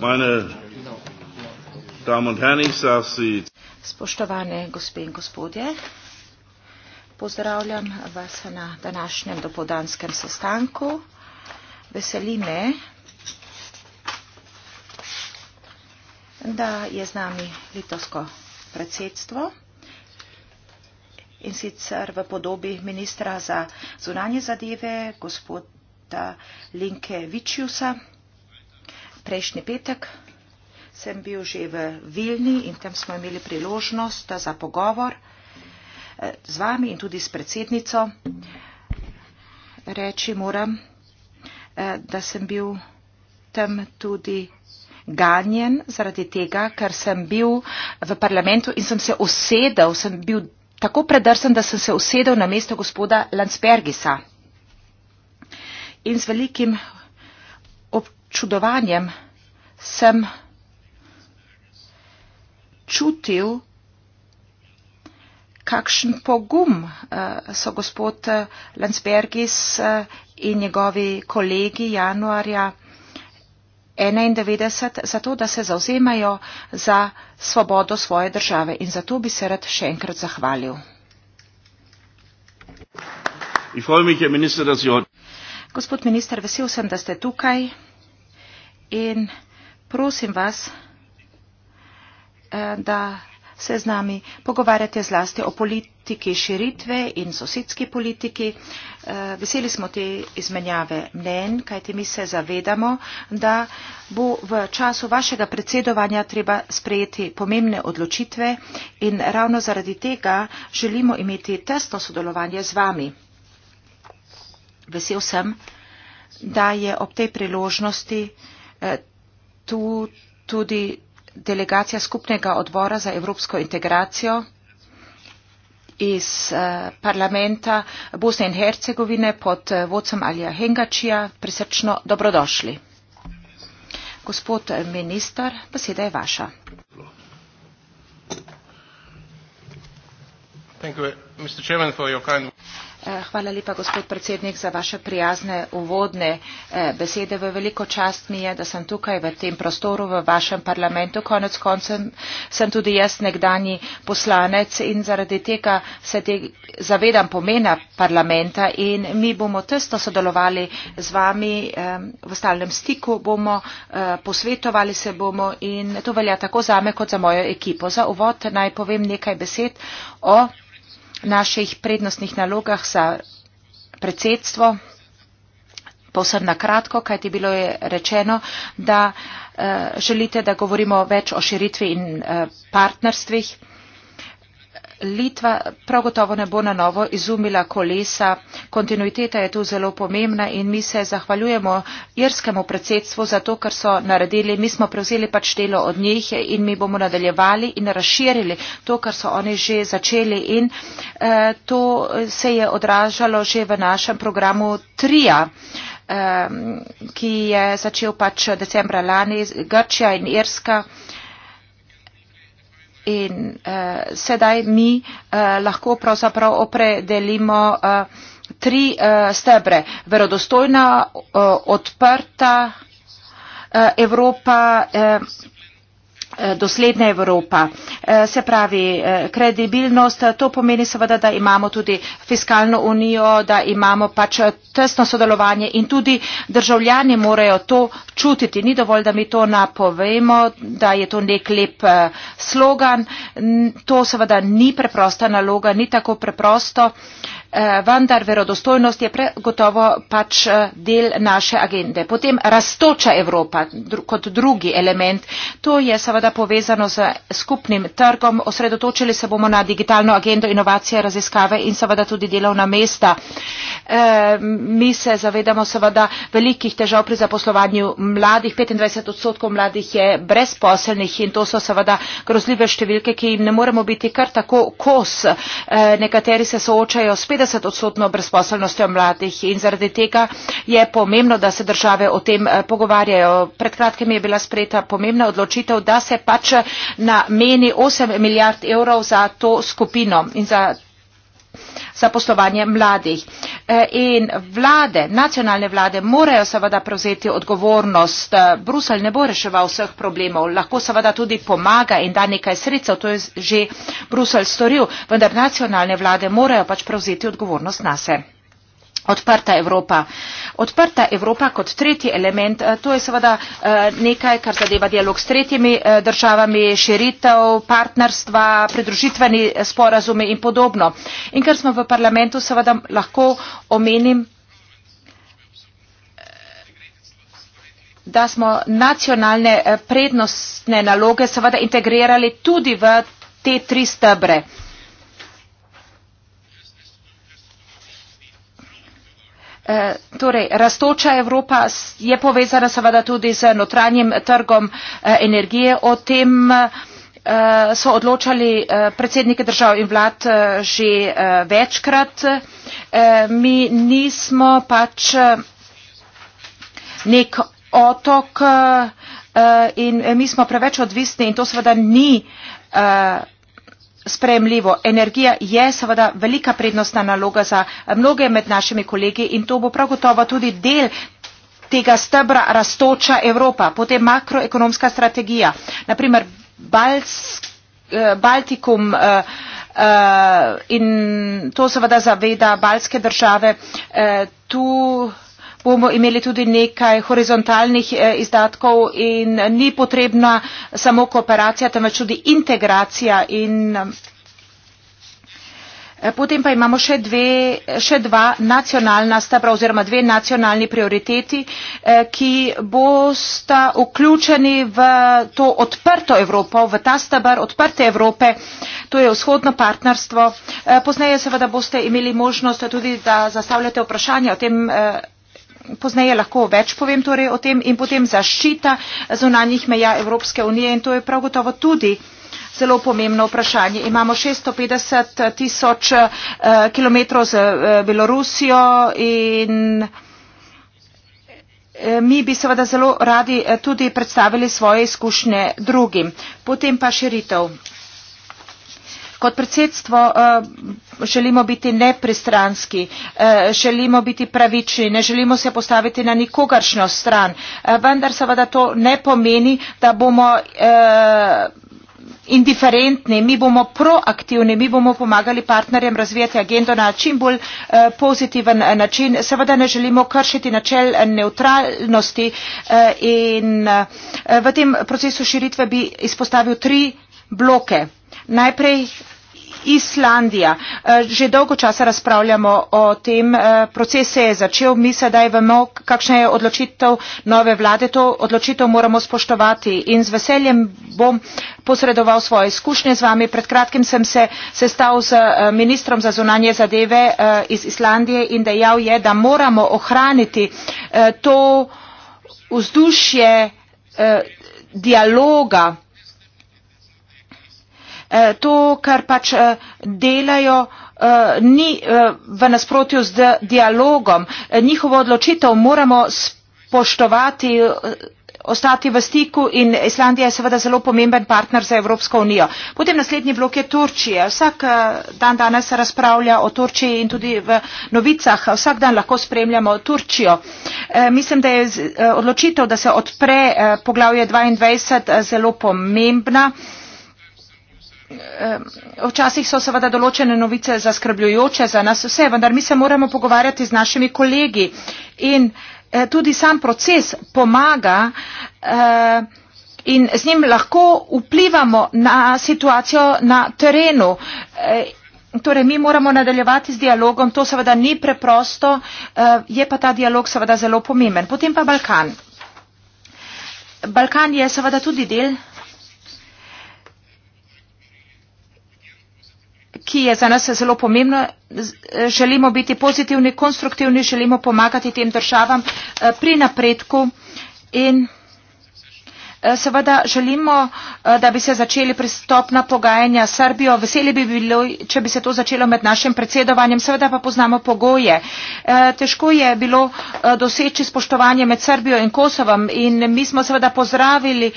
meine Damen und Herren, ich sage Sie. Spoštovane gospe in gospodje, pozdravljam vas na današnjem dopodanskem sestanku. Veseli me, da je z nami litovsko predsedstvo in sicer v podobi ministra za zunanje zadeve gospoda Linke Vičjusa prejšnji petek sem bil že v Vilni in tam smo imeli priložnost za pogovor eh, z vami in tudi s predsednico. Reči moram, eh, da sem bil tam tudi ganjen zaradi tega, ker sem bil v parlamentu in sem se usedel, sem bil tako predrsen, da sem se usedel na mesto gospoda Landsbergisa. In z velikim čudovanjem sem čutil, kakšen pogum eh, so gospod eh, Landsbergis eh, in njegovi kolegi januarja 1991 za to, da se zauzemajo za svobodo svoje države. In za to bi se rad še enkrat zahvalil. Mich, minister, gospod minister, vesel sem, da ste tukaj in prosim vas, eh, da se z nami pogovarjate zlasti o politiki širitve in sosedski politiki. Eh, veseli smo te izmenjave mnen, kajti mi se zavedamo, da bo v času vašega predsedovanja treba sprejeti pomembne odločitve in ravno zaradi tega želimo imeti tesno sodelovanje z vami. Vesel sem, da je ob tej priložnosti Eh, tu tudi delegacija skupnega odbora za evropsko integracijo iz eh, parlamenta Bosne in Hercegovine pod eh, vodcem Alija Hengačija. Prisrčno dobrodošli. Gospod minister, beseda je vaša. Thank you. Mr. Chairman, for your kind eh, Hvala lepa, gospod predsednik, za vaše prijazne uvodne eh, besede. V veliko čast mi je, da sem tukaj v tem prostoru, v vašem parlamentu. Konec koncem sem tudi jaz nekdani poslanec in zaradi tega se te zavedam pomena parlamenta in mi bomo tesno sodelovali z vami, v stalnem stiku bomo, eh, posvetovali se bomo in to velja tako za me kot za mojo ekipo. Za uvod naj povem nekaj besed o naših prednostnih nalogah za predsedstvo. Povsem na kratko, kajti bilo je rečeno, da uh, želite, da govorimo več o širitvi in uh, partnerstvih. Litva prav gotovo ne bo na novo izumila kolesa. Kontinuiteta je tu zelo pomembna in mi se zahvaljujemo irskemu predsedstvu za to, kar so naredili. Mi smo prevzeli pač delo od njih in mi bomo nadaljevali in razširili to, kar so oni že začeli. In eh, to se je odražalo že v našem programu trija eh, ki je začel pač decembra lani. Grčija in Irska in uh, sedaj mi uh, lahko pravzaprav opredelimo uh, tri uh, stebre. Verodostojna, uh, odprta uh, Evropa. Uh, Eh, dosledna Evropa. Eh, se pravi, eh, kredibilnost, to pomeni seveda, da imamo tudi fiskalno unijo, da imamo pač tesno sodelovanje in tudi državljani morajo to čutiti. Ni dovolj, da mi to napovemo, da je to nek lep slogan. To seveda ni preprosta naloga, ni tako preprosto. Eh, vendar verodostojnost je pregotovo pač eh, del naše agende. Potem rastoča Evropa kot drugi element, to je seveda povezano z skupnim trgom, osredotočili se bomo na digitalno agendo inovacije, raziskave in seveda tudi delovna mesta. Eh, mi se zavedamo seveda velikih težav pri zaposlovanju mladih, 25 odstotkov mladih je brezposelnih in to so seveda grozljive številke, ki jim ne moremo biti kar tako kos. Nekateri se soočajo spet petdeset odstotno brezposelnostjo mladih in zaradi tega je pomembno da se države o tem eh, pogovarjajo pred kratkim je bila sprejeta pomembna odločitev da se pač nameni osem milijard evrov za to skupino in za zaposlovanje mladih. E, in vlade, nacionalne vlade morajo seveda prevzeti odgovornost. E, Brusel ne bo reševal vseh problemov, lahko seveda tudi pomaga in da nekaj sredstev, to je že Brusel storil, vendar nacionalne vlade morajo pač prevzeti odgovornost na sebe. Odprta Evropa. Odprta Evropa kot tretji element, eh, to je seveda eh, nekaj, kar zadeva dialog s tretjimi eh, državami, širitev, partnerstva, pridružitveni sporazumi in podobno. In kar smo v parlamentu seveda lahko omenim, da smo nacionalne prednostne naloge seveda integrirali tudi v te tri stebre. Eh, torej, raztoča Evropa je povezana seveda tudi z notranjim trgom eh, energije. O tem eh, so odločali predsednike držav in vlad že večkrat. Mi nismo pač nek otok in mi smo preveč odvisni in to seveda ni spremljivo. Energija je seveda velika prednostna naloga za mnoge med našimi kolegi in to bo prav gotovo tudi del tega stebra rastoča Evropa, potem makroekonomska strategija, naprimer eh, Baltikum eh, eh, in to seveda zaveda balske države. Tu bomo imeli tudi nekaj horizontalnih eh, izdatkov in eh, ni potrebna samo kooperacija, temveč tudi integracija. In eh, potem pa imamo še, dve, še dva nacionalna stebra oziroma dve nacionalni prioriteti, ki bosta vključeni v to odprto Evropo, v ta stebr odprte Evrope, to je vzhodno partnerstvo. Poznaje seveda boste imeli možnost tudi, da zastavljate vprašanje o tem pozneje lahko več povem torej o tem, in potem zaščita zunanjih meja Evropske unije in to je prav gotovo tudi zelo pomembno vprašanje. Imamo 650 tisoč eh, kilometrov z eh, Belorusijo in eh, mi bi seveda zelo radi tudi predstavili svoje izkušnje drugim. Potem pa širitev. Kot predsedstvo eh, želimo biti nepristranski, eh, želimo biti pravični, ne želimo se postaviti na nikogaršnjo stran, eh, vendar seveda to ne pomeni, da bomo indiferentni, mi bomo proaktivni, mi bomo pomagali partnerjem razvijati agendo na čim bolj pozitiven način. Seveda ne želimo kršiti načel neutralnosti in v tem procesu širitve bi izpostavil tri bloke. Najprej Islandija. Eh, že dolgo časa razpravljamo o tem, eh, proces se je začel, mi sedaj vemo, kakšna je odločitev nove vlade, to odločitev moramo spoštovati in z veseljem bom posredoval svoje izkušnje z vami. Pred kratkim sem se sestal z eh, ministrom za zunanje zadeve iz Islandije in dejal je, da moramo ohraniti to vzdušje dialoga Eh, to, kar pač eh, delajo, eh, ni v nasprotju z dialogom. Njihovo odločitev moramo spoštovati, ostati v stiku in Islandija je seveda zelo pomemben partner za Evropsko unijo. Potem naslednji blok je Turčija. Vsak dan danes se razpravlja o Turčiji in tudi v novicah. Vsak dan lahko spremljamo Turčijo. Mislim, da je odločitev, da se odpre poglavje 22 zelo pomembna. Včasih so seveda določene novice zaskrbljujoče za nas vse, vendar mi se moramo pogovarjati z našimi kolegi in eh, tudi sam proces pomaga eh, in z njim lahko vplivamo na situacijo na terenu. Eh, torej, mi moramo nadaljevati z dialogom, to seveda ni preprosto, je pa ta dialog seveda zelo pomemben. Potem pa Balkan. Balkan je seveda tudi del ki je za nas zelo pomembno. Eh, želimo biti pozitivni, konstruktivni, želimo pomagati tem državam eh, pri napredku in. Eh, seveda želimo, eh, da bi se začeli pristopna pogajanja s Srbijo. Veseli bi bilo, če bi se to začelo med našim predsedovanjem, seveda pa poznamo pogoje. Eh, težko je bilo doseči spoštovanje med Srbijo in Kosovom in mi smo seveda pozdravili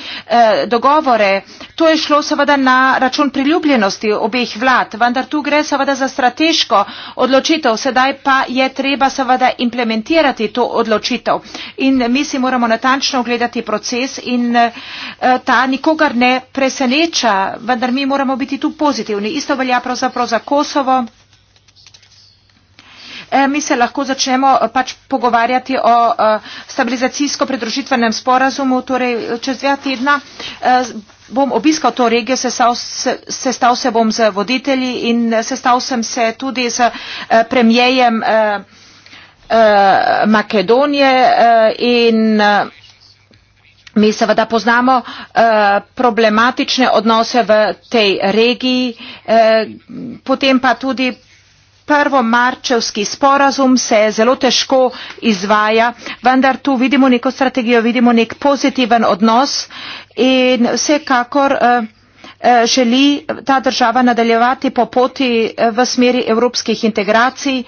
dogovore. To je šlo seveda na račun priljubljenosti obeh vlad, vendar tu gre seveda za strateško odločitev, sedaj pa je treba seveda implementirati to odločitev. In mi si moramo natančno ogledati proces in uh, Eh, ta nikogar ne preseneča, vendar mi moramo biti tu pozitivni. Isto velja pravzaprav za Kosovo. Eh, mi se lahko začnemo eh, pač pogovarjati o stabilizacijsko-predružitvenem sporazumu, torej čez dva tedna bom obiskal to regijo, sestal se bom z voditelji in sestal sem se tudi z premijejem Makedonije in mi seveda poznamo eh, problematične odnose v tej regiji, eh, potem pa tudi prvomarčevski sporazum se zelo težko izvaja, vendar tu vidimo neko strategijo, vidimo nek pozitiven odnos in vsekakor eh, želi ta država nadaljevati po poti v smeri evropskih integracij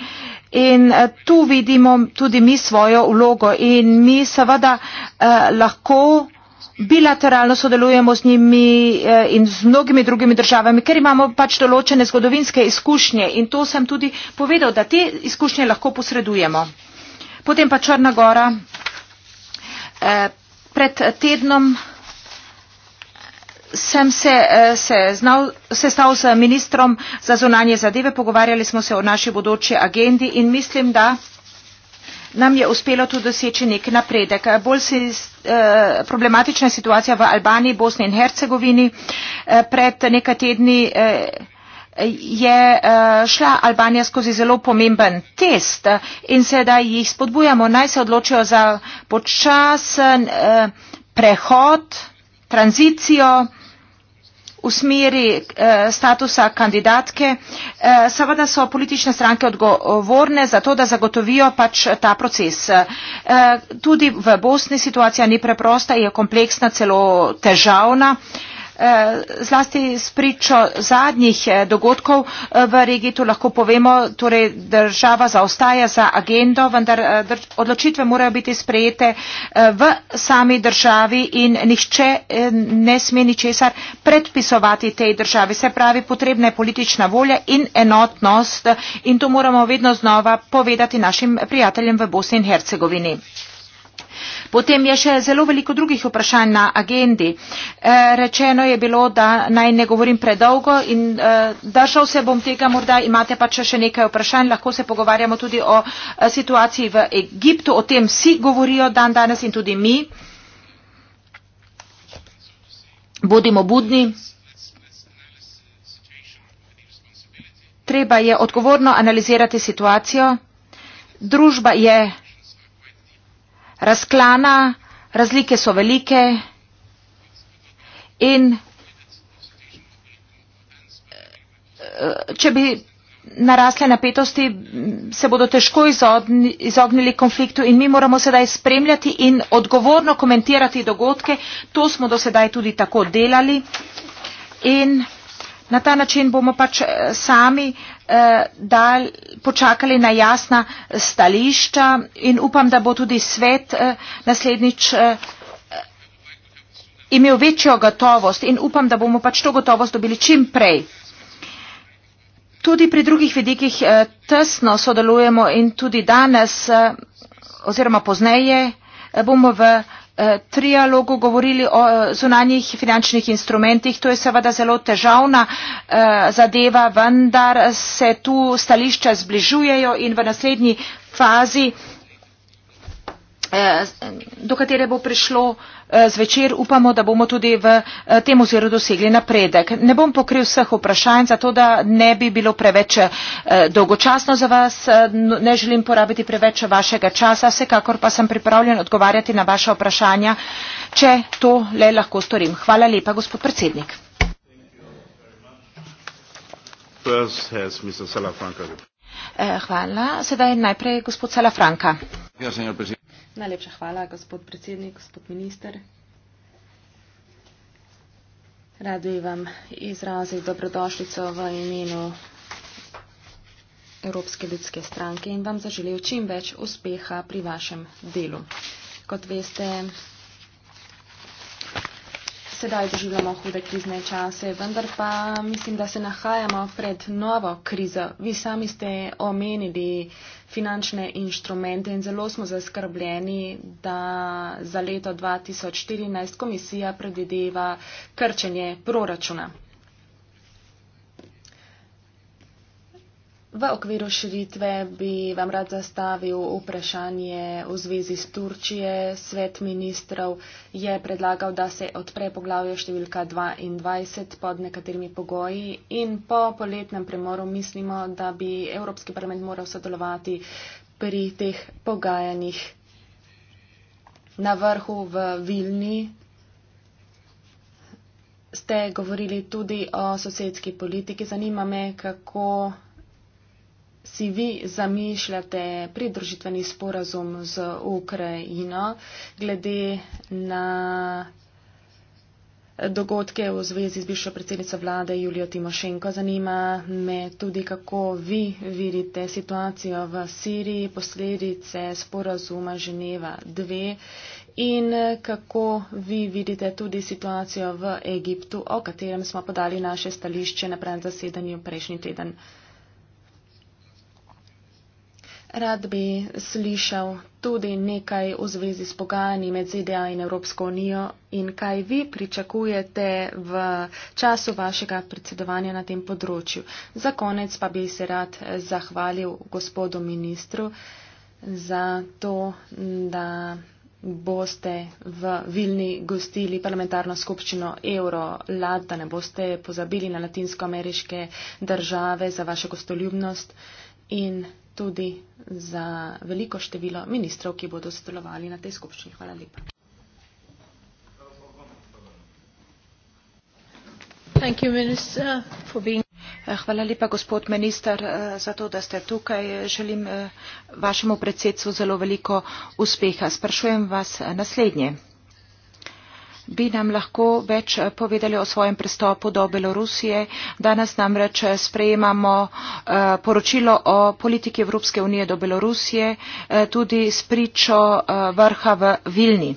in eh, tu vidimo tudi mi svojo vlogo in mi seveda eh, lahko bilateralno sodelujemo z njimi eh, in z mnogimi drugimi državami, ker imamo pač določene zgodovinske izkušnje in to sem tudi povedal, da te izkušnje lahko posredujemo. Potem pa Črna Gora. Pred tednom sem se, eh, se, znal, se stal z ministrom za zunanje zadeve, pogovarjali smo se o naši bodoči agendi in mislim, da nam je uspelo tudi doseči nek napredek. Bolj se, eh, problematična je situacija v Albaniji, Bosni in Hercegovini. Eh, pred nekaj tedni eh, je eh, šla Albanija skozi zelo pomemben test in sedaj jih spodbujamo, naj se odločijo za počasen eh, prehod, tranzicijo v smeri eh, statusa kandidatke. Eh, seveda so politične stranke odgovorne za to, da zagotovijo pač ta proces. Eh, tudi v Bosni situacija ni preprosta, je kompleksna, celo težavna. Eh, zlasti spričo zadnjih eh, dogodkov eh, v regiji tu lahko povemo, torej država zaostaja za agendo, vendar odločitve morajo biti sprejete v sami državi in nihče ne sme ničesar predpisovati tej državi. Se pravi, potrebna je politična volja in enotnost in to moramo vedno znova povedati našim prijateljem v Bosni in Hercegovini. Potem je še zelo veliko drugih vprašanj na agendi. Eh, rečeno je bilo, da naj ne govorim predolgo in eh, držal se bom tega, morda imate pa še nekaj vprašanj. Lahko se pogovarjamo tudi o eh, situaciji v Egiptu, o tem vsi govorijo dan danes in tudi mi. Bodimo budni. Treba je odgovorno analizirati situacijo. Družba je razklana, razlike so velike in eh, če bi narasle napetosti, se bodo težko izognili konfliktu in mi moramo sedaj spremljati in odgovorno komentirati dogodke. To smo do sedaj tudi tako delali in na ta način bomo pač eh, sami Eh, dal, počakali na jasna stališča in upam, da bo tudi svet eh, naslednjič eh, imel večjo gotovost in upam, da bomo pač to gotovost dobili čim prej. Tudi pri drugih vidikih tesno sodelujemo in tudi danes oziroma pozneje bomo v Eh, trialogu govorili o eh, zunanjih finančnih instrumentih. To je seveda zelo težavna eh, zadeva, vendar se tu stališča zbližujejo in v naslednji fazi Eh, do katere bo prišlo eh, zvečer, upamo, da bomo tudi v eh, tem oziru dosegli napredek. Ne bom pokril vseh vprašanj, zato da ne bi bilo preveč dolgočasno za vas, ne želim porabiti preveč vašega časa, vsekakor pa sem pripravljen odgovarjati na vaše vprašanja, če to le lahko storim. Hvala lepa, gospod predsednik. Hvala. Sedaj najprej gospod Salafranka. Ja, Najlepša hvala, gospod predsednik, gospod minister. Rad bi vam izrazil dobrodošlico v imenu Evropske ljudske stranke in vam zaželel čim več uspeha pri vašem delu. Kot veste, sedaj doživljamo hude krizne čase, vendar pa mislim, da se nahajamo pred novo krizo. Vi sami ste omenili finančne inštrumente in zelo smo zaskrbljeni, da za leto 2014 komisija predvideva krčenje proračuna. V okviru širitve bi vam rad zastavil vprašanje v zvezi s Turčije. Svet ministrov je predlagal, da se odpre poglavje številka 22 pod nekaterimi pogoji in po poletnem premoru mislimo, da bi Evropski parlament moral sodelovati pri teh pogajanjih na vrhu v Vilni. Ste govorili tudi o sosedski politiki. Zanima me, kako si vi zamišljate pridružitveni sporazum z Ukrajino glede na dogodke v zvezi z bivšo predsednico vlade Julijo Timošenko. Zanima me tudi, kako vi vidite situacijo v Siriji, posledice sporazuma Ženeva 2 in kako vi vidite tudi situacijo v Egiptu, o katerem smo podali naše stališče na prenzasedanju prejšnji teden. Rad bi slišal tudi nekaj v zvezi s pogajanji med ZDA in Evropsko unijo in kaj vi pričakujete v času vašega predsedovanja na tem področju. Za konec pa bi se rad zahvalil gospodu ministru za to, da boste v Vilni gostili parlamentarno skupščino Euro-Lat, da ne boste pozabili na latinskoameriške države za vašo gostoljubnost in tudi za veliko število ministrov, ki bodo sodelovali na tej skupščini. Hvala lepa. Hvala lepa, gospod minister, eh, za to, da ste tukaj. Želim eh, vašemu predsedstvu zelo veliko uspeha. Sprašujem vas eh, naslednje bi nam lahko več eh, povedali o svojem pristopu do Belorusije. Danes namreč eh, sprejemamo eh, poročilo o politiki Evropske unije do Belorusije, tudi s pričo vrha v Vilni.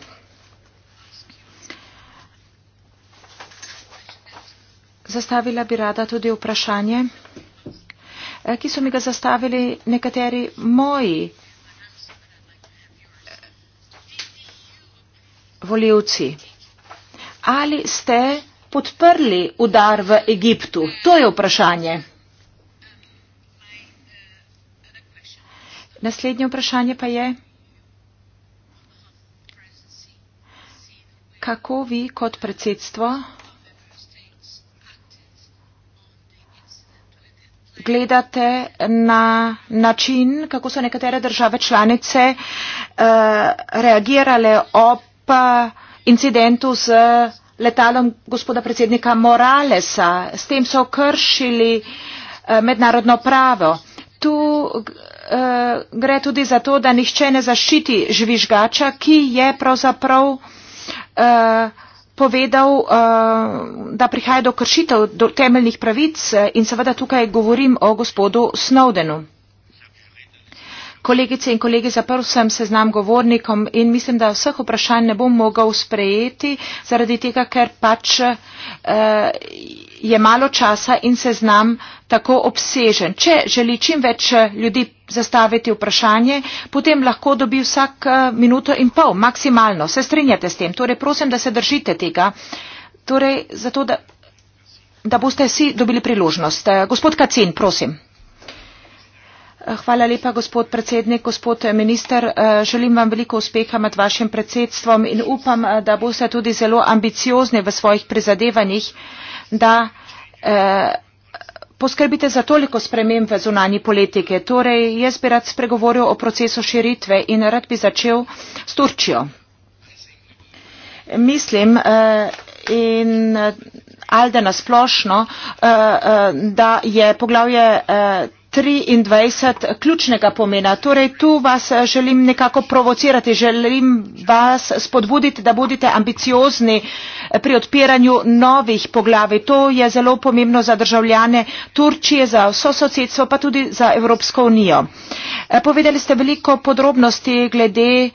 Zastavila bi rada tudi vprašanje, ki so mi ga zastavili nekateri moji volivci ali ste podprli udar v Egiptu? To je vprašanje. Naslednje vprašanje pa je, kako vi kot predsedstvo gledate na način, kako so nekatere države članice uh, reagirale ob uh, incidentu z letalom gospoda predsednika Moralesa. S tem so kršili eh, mednarodno pravo. Tu eh, gre tudi za to, da nihče ne zaščiti žvižgača, ki je pravzaprav eh, povedal, da prihaja do kršitev do temeljnih pravic in seveda tukaj govorim o gospodu Snowdenu kolegice in kolegi, zaprl sem seznam govornikom in mislim, da vseh vprašanj ne bom mogel sprejeti, zaradi tega, ker pač eh, je malo časa in seznam tako obsežen. Če želi čim več eh, ljudi zastaviti vprašanje, potem lahko dobi vsak eh, minuto in pol, maksimalno. Se strinjate s tem? Torej, prosim, da se držite tega. Torej, zato, da, da boste vsi dobili priložnost. Eh, gospod Kacin, prosim. Hvala lepa, gospod predsednik, gospod minister. Eh, želim vam veliko uspeha med vašim predsedstvom in upam, eh, da boste tudi zelo ambiciozni v svojih prizadevanjih, da eh, poskrbite za toliko sprememb v zunanji politike. Torej, jaz bi rad spregovoril o procesu širitve in rad bi začel s Turčijo. Mislim in Alde nasplošno, da je poglavje triindvajset ključnega pomena torej tu vas eh, želim nekako provocirati želim vas spodbuditi da bodite ambiciozni eh, pri odpiranju novih poglavij to je zelo pomembno za državljane turčije za vso sosedstvo pa tudi za evropsko unijo. Eh, povedali ste veliko podrobnosti glede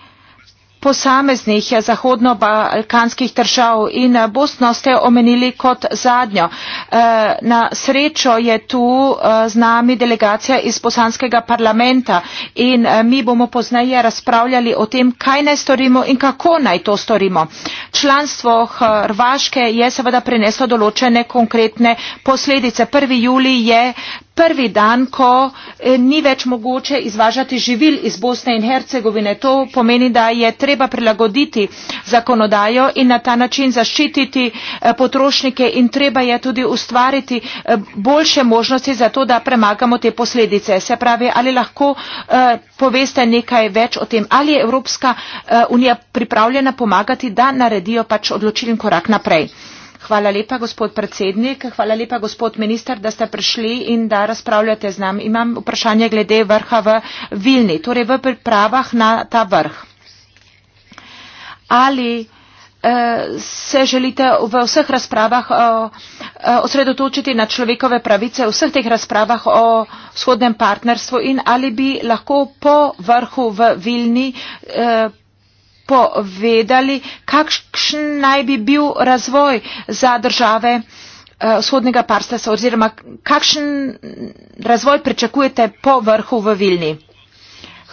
posameznih zahodnobalkanskih držav in eh, bosno ste omenili kot zadnjo. Eh, na srečo je tu eh, z nami delegacija iz bosanskega parlamenta in mi bomo pozneje razpravljali o tem kaj naj storimo in kako naj to storimo. članstvo hrvaške je seveda prineslo določene konkretne posledice. prvi julij je prvi dan ko eh, ni več mogoče izvažati živil iz bosne in hercegovine to pomeni da je treba prilagoditi zakonodajo in na ta način zaščititi eh, potrošnike in treba je tudi ustvariti eh, boljše možnosti za to da premagamo te posledice se pravi ali lahko poveste nekaj več o tem ali je evropska unija pripravljena pomagati da naredijo pač odločilen korak naprej Hvala lepa, gospod predsednik. Hvala lepa, gospod minister, da ste prišli in da razpravljate z nam. Imam vprašanje glede vrha v Vilni, torej v pripravah na ta vrh. Ali eh, se želite v vseh razpravah eh, eh, osredotočiti na človekove pravice, v vseh teh razpravah o vzhodnem partnerstvu in ali bi lahko po vrhu v Vilni povedali, kakšen naj bi bil razvoj za države eh, vzhodnega parstva oziroma kakšen razvoj pričakujete po vrhu v Vilni.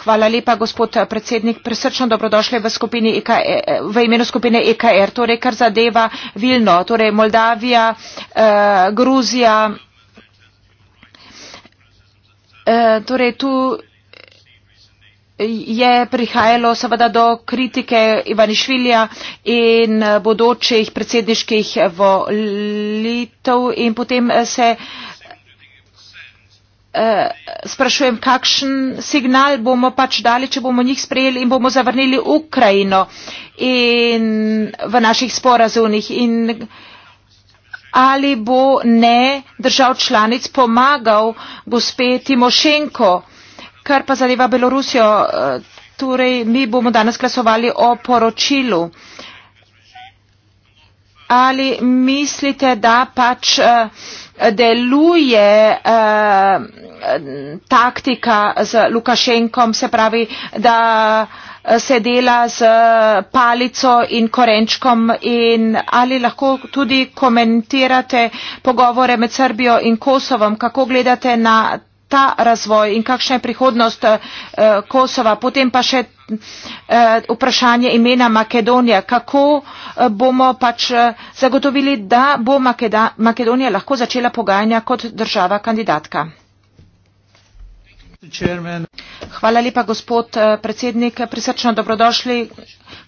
Hvala lepa, gospod predsednik. Presrčno dobrodošli v, skupini, e e, v imenu skupine EKR, torej kar zadeva Vilno, torej Moldavija, eh, Gruzija. Eh, torej tu je prihajalo seveda do kritike Ivanišvilja in eh, bodočih predsedniških volitev in potem eh, se eh, sprašujem, kakšen signal bomo pač dali, če bomo njih sprejeli in bomo zavrnili Ukrajino in v naših sporazumih in ali bo ne držav članic pomagal gospe Timošenko. Kar pa zadeva Belorusijo, eh, torej mi bomo danes glasovali o poročilu. Ali mislite, da pač eh, deluje eh, taktika z Lukašenkom, se pravi, da se dela z palico in korenčkom in ali lahko tudi komentirate pogovore med Srbijo in Kosovom, kako gledate na ta razvoj in kakšna je prihodnost eh, Kosova. Potem pa še eh, vprašanje imena Makedonija. Kako eh, bomo pač zagotovili, da bo Makedonija lahko začela pogajanja kot država kandidatka? Hvala lepa, gospod predsednik. Prisrčno dobrodošli,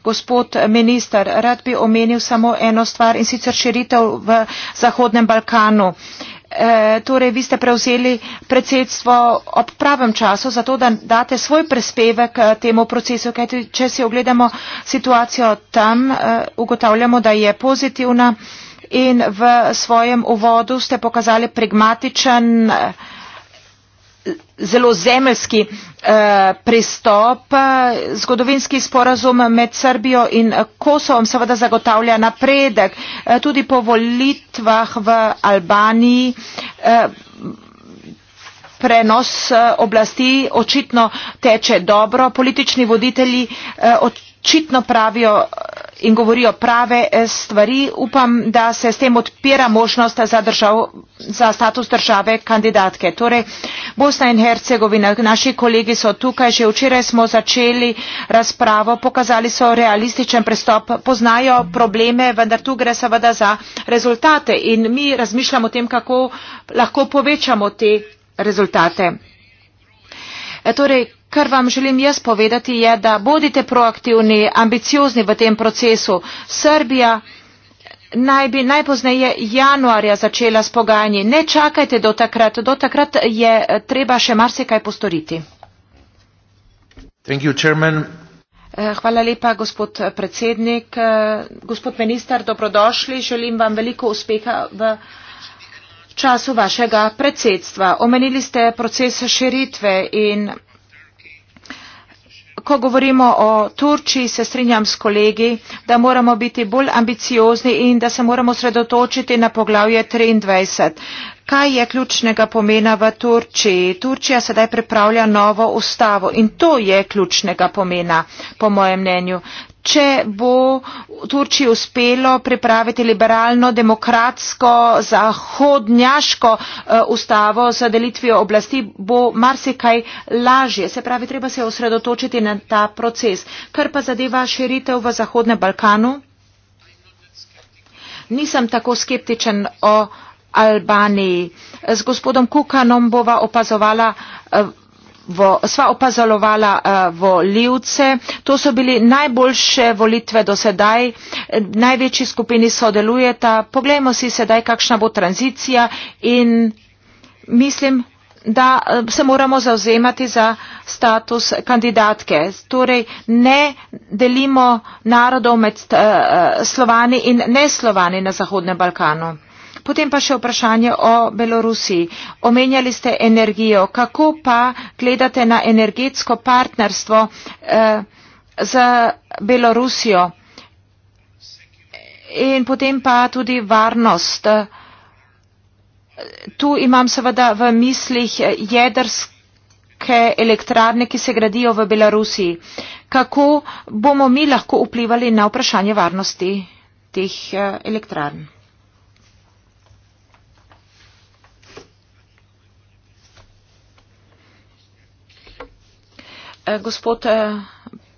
gospod minister. Rad bi omenil samo eno stvar in sicer širitev v Zahodnem Balkanu. Eh, torej vi ste prevzeli predsedstvo ob pravem času zato, da date svoj prispevek eh, temu procesu, kajti če si ogledamo situacijo tam, eh, ugotavljamo, da je pozitivna in v svojem uvodu ste pokazali pragmatičen zelo zemeljski eh, pristop eh, zgodovinski sporazum med srbijo in kosovom seveda zagotavlja napredek eh, tudi po volitvah v albaniji prenos oblasti očitno teče dobro politični voditelji očitno pravijo in govorijo prave stvari. Upam, da se s tem odpira možnost za, držav, za status države kandidatke. Torej, eh, bosna in hercegovina naši kolegi so tukaj že včeraj smo začeli razpravo pokazali so realističen pristop poznajo probleme vendar tu gre seveda za rezultate in mi razmišljamo o tem kako lahko povečamo te rezultate e, torej Kar vam želim jaz povedati je, da bodite proaktivni, ambiciozni v tem procesu. Srbija naj bi najpozneje januarja začela s pogajanji. Ne čakajte do takrat, do takrat je eh, treba še marsikaj postoriti. You, eh, Hvala lepa, gospod eh, predsednik. Gospod minister, dobrodošli. Želim vam veliko uspeha v času vašega predsedstva. Omenili ste proces širitve in ko govorimo o Turčiji, se strinjam s kolegi, da moramo biti bolj ambiciozni in da se moramo sredotočiti na poglavje 23. Kaj je ključnega pomena v Turčiji? Turčija sedaj pripravlja novo ustavo in to je ključnega pomena, po mojem mnenju če bo Turčiji uspelo prepraviti liberalno, demokratsko, zahodnjaško eh, ustavo z delitvijo oblasti, bo marsikaj lažje. Se pravi, treba se osredotočiti na ta proces. Kar pa zadeva širitev v Zahodnem Balkanu, nisem tako skeptičen o Albaniji. Z gospodom Kukanom bova opazovala eh, vo, sva opazovala uh, eh, voljivce. To so bili najboljše volitve do sedaj, največji skupini sodelujeta. Poglejmo si sedaj, kakšna bo tranzicija in mislim, da eh, se moramo zauzemati za status kandidatke. Torej, ne delimo narodov med uh, slovani in neslovani na Zahodnem Balkanu. Potem pa še vprašanje o Belorusiji. Omenjali ste energijo. Kako pa gledate na energetsko partnerstvo eh, z Belorusijo in potem pa tudi varnost. Tu imam seveda v mislih eh, jedrske elektrarne, ki se gradijo v Belorusiji. Kako bomo mi lahko vplivali na vprašanje varnosti teh eh, elektrarn? Eh, gospod eh,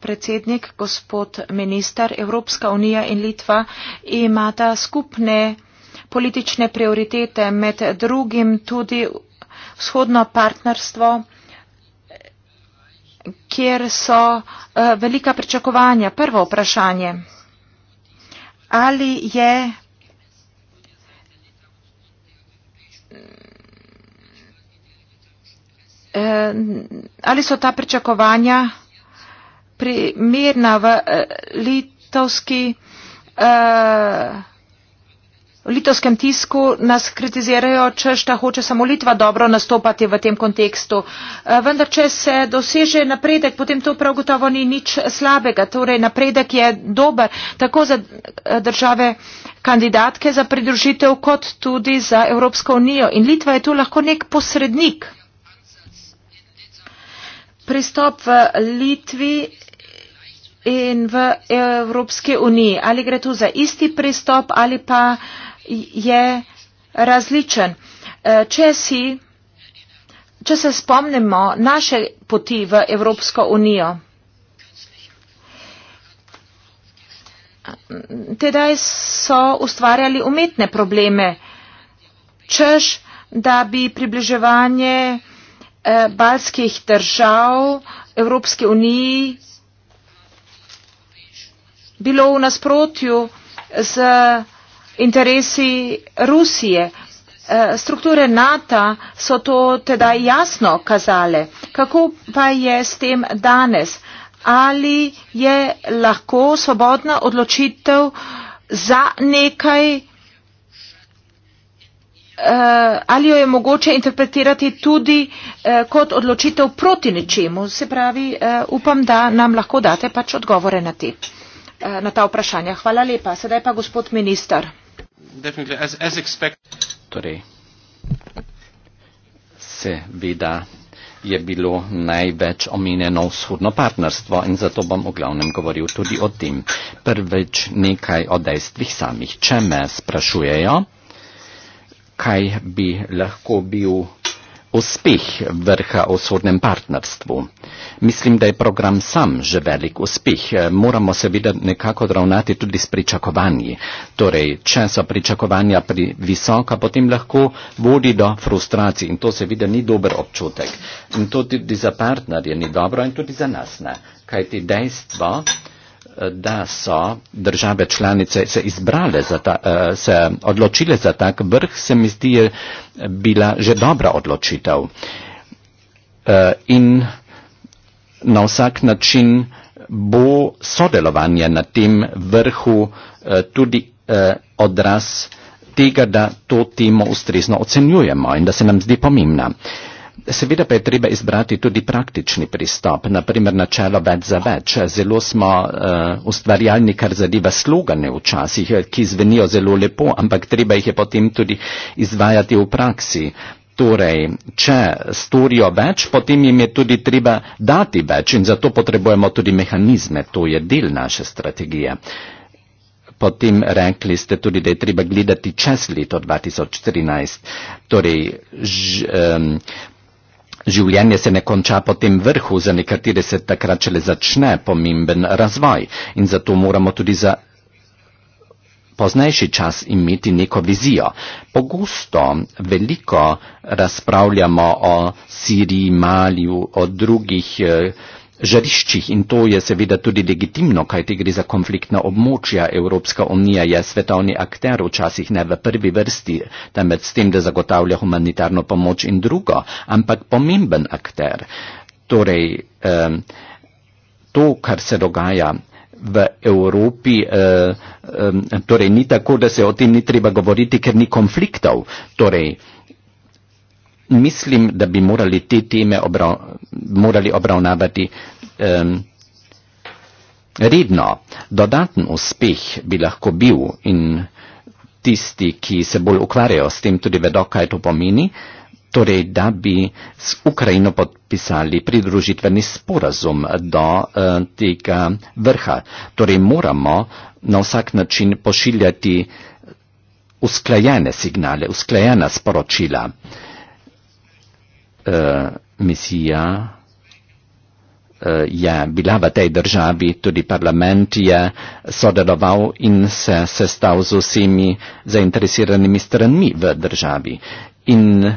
predsednik, gospod minister, Evropska unija in Litva imata skupne politične prioritete, med drugim tudi vzhodno partnerstvo, kjer so eh, velika pričakovanja. Prvo vprašanje. Ali je Eh, ali so ta pričakovanja primerna v eh, litovski, eh, v litovskem tisku nas kritizirajo, če šta hoče samo Litva dobro nastopati v tem kontekstu. Vendar, če se doseže napredek, potem to prav gotovo ni nič slabega. Torej, napredek je dober tako za države kandidatke za pridružitev, kot tudi za Evropsko unijo. In Litva je tu lahko nek posrednik pristop v Litvi in v Evropske uniji. Ali gre tu za isti pristop ali pa je različen. E, če, si, če se spomnimo naše poti v Evropsko unijo, tedaj so ustvarjali umetne probleme, češ, da bi približevanje Eh, balskih držav Evropske unije bilo v nasprotju z interesi Rusije. Eh, strukture NATO so to teda jasno kazale. Kako pa je s tem danes? Ali je lahko svobodna odločitev za nekaj uh, ali jo je mogoče interpretirati tudi uh, kot odločitev proti nečemu. Se pravi, uh, upam, da nam lahko date pač odgovore na, te, uh, na ta vprašanja. Hvala lepa. Sedaj pa gospod minister. As, as torej, seveda je bilo največ omenjeno vzhodno partnerstvo in zato bom v glavnem govoril tudi o tem. Prvič nekaj o dejstvih samih. Če me sprašujejo, kaj bi lahko bil uspeh vrha o sodnem partnerstvu. Mislim, da je program sam že velik uspeh. Moramo seveda nekako ravnati tudi s pričakovanji. Torej, če so pričakovanja pri visoka, potem lahko vodi do frustracij in to seveda ni dober občutek. In to tudi za partnerje ni dobro in tudi za nas ne. Kaj ti dejstvo? Eh, da so države članice se izbrale, za ta, eh, se odločile za tak vrh, se mi zdi bila že dobra odločitev. Eh, in na vsak način bo sodelovanje na tem vrhu tudi odraz tega, da to temo ustrezno ocenjujemo in da se nam zdi pomembna. Seveda pa je treba izbrati tudi praktični pristop, naprimer načelo več za več. Zelo smo uh, ustvarjalni, kar zadeva slogane včasih, eh, ki zvenijo zelo lepo, ampak treba jih je potem tudi izvajati v praksi. Torej, če storijo več, potem jim je tudi treba dati več in zato potrebujemo tudi mehanizme, to je del naše strategije. Potem rekli ste tudi, da je treba gledati čez leto 2013. Torej, ž, um, Življenje se ne konča po tem vrhu, za nekatere se takrat šele začne pomemben razvoj in zato moramo tudi za poznejši čas imeti neko vizijo. Pogosto veliko razpravljamo o Siriji, Maliju, o drugih eh, žariščih in to je seveda tudi legitimno, kajti gre za konfliktna območja. Evropska unija je svetovni akter, včasih ne v prvi vrsti, temveč s tem, da zagotavlja humanitarno pomoč in drugo, ampak pomemben akter. Torej, to, kar se dogaja v Evropi, eh, torej ni tako, da se o tem ni treba govoriti, ker ni konfliktov. Torej, mislim, da bi morali te teme obrav, morali obravnavati um, redno. Dodaten uspeh bi lahko bil in tisti, ki se bolj ukvarjajo s tem, tudi vedo, kaj to pomeni, torej, da bi z Ukrajino podpisali pridružitveni sporazum do uh, tega vrha. Torej, moramo na vsak način pošiljati usklajene signale, usklajena sporočila. Eh, misija eh, je bila v tej državi, tudi parlament je sodeloval in se sestal z vsemi zainteresiranimi stranmi v državi. In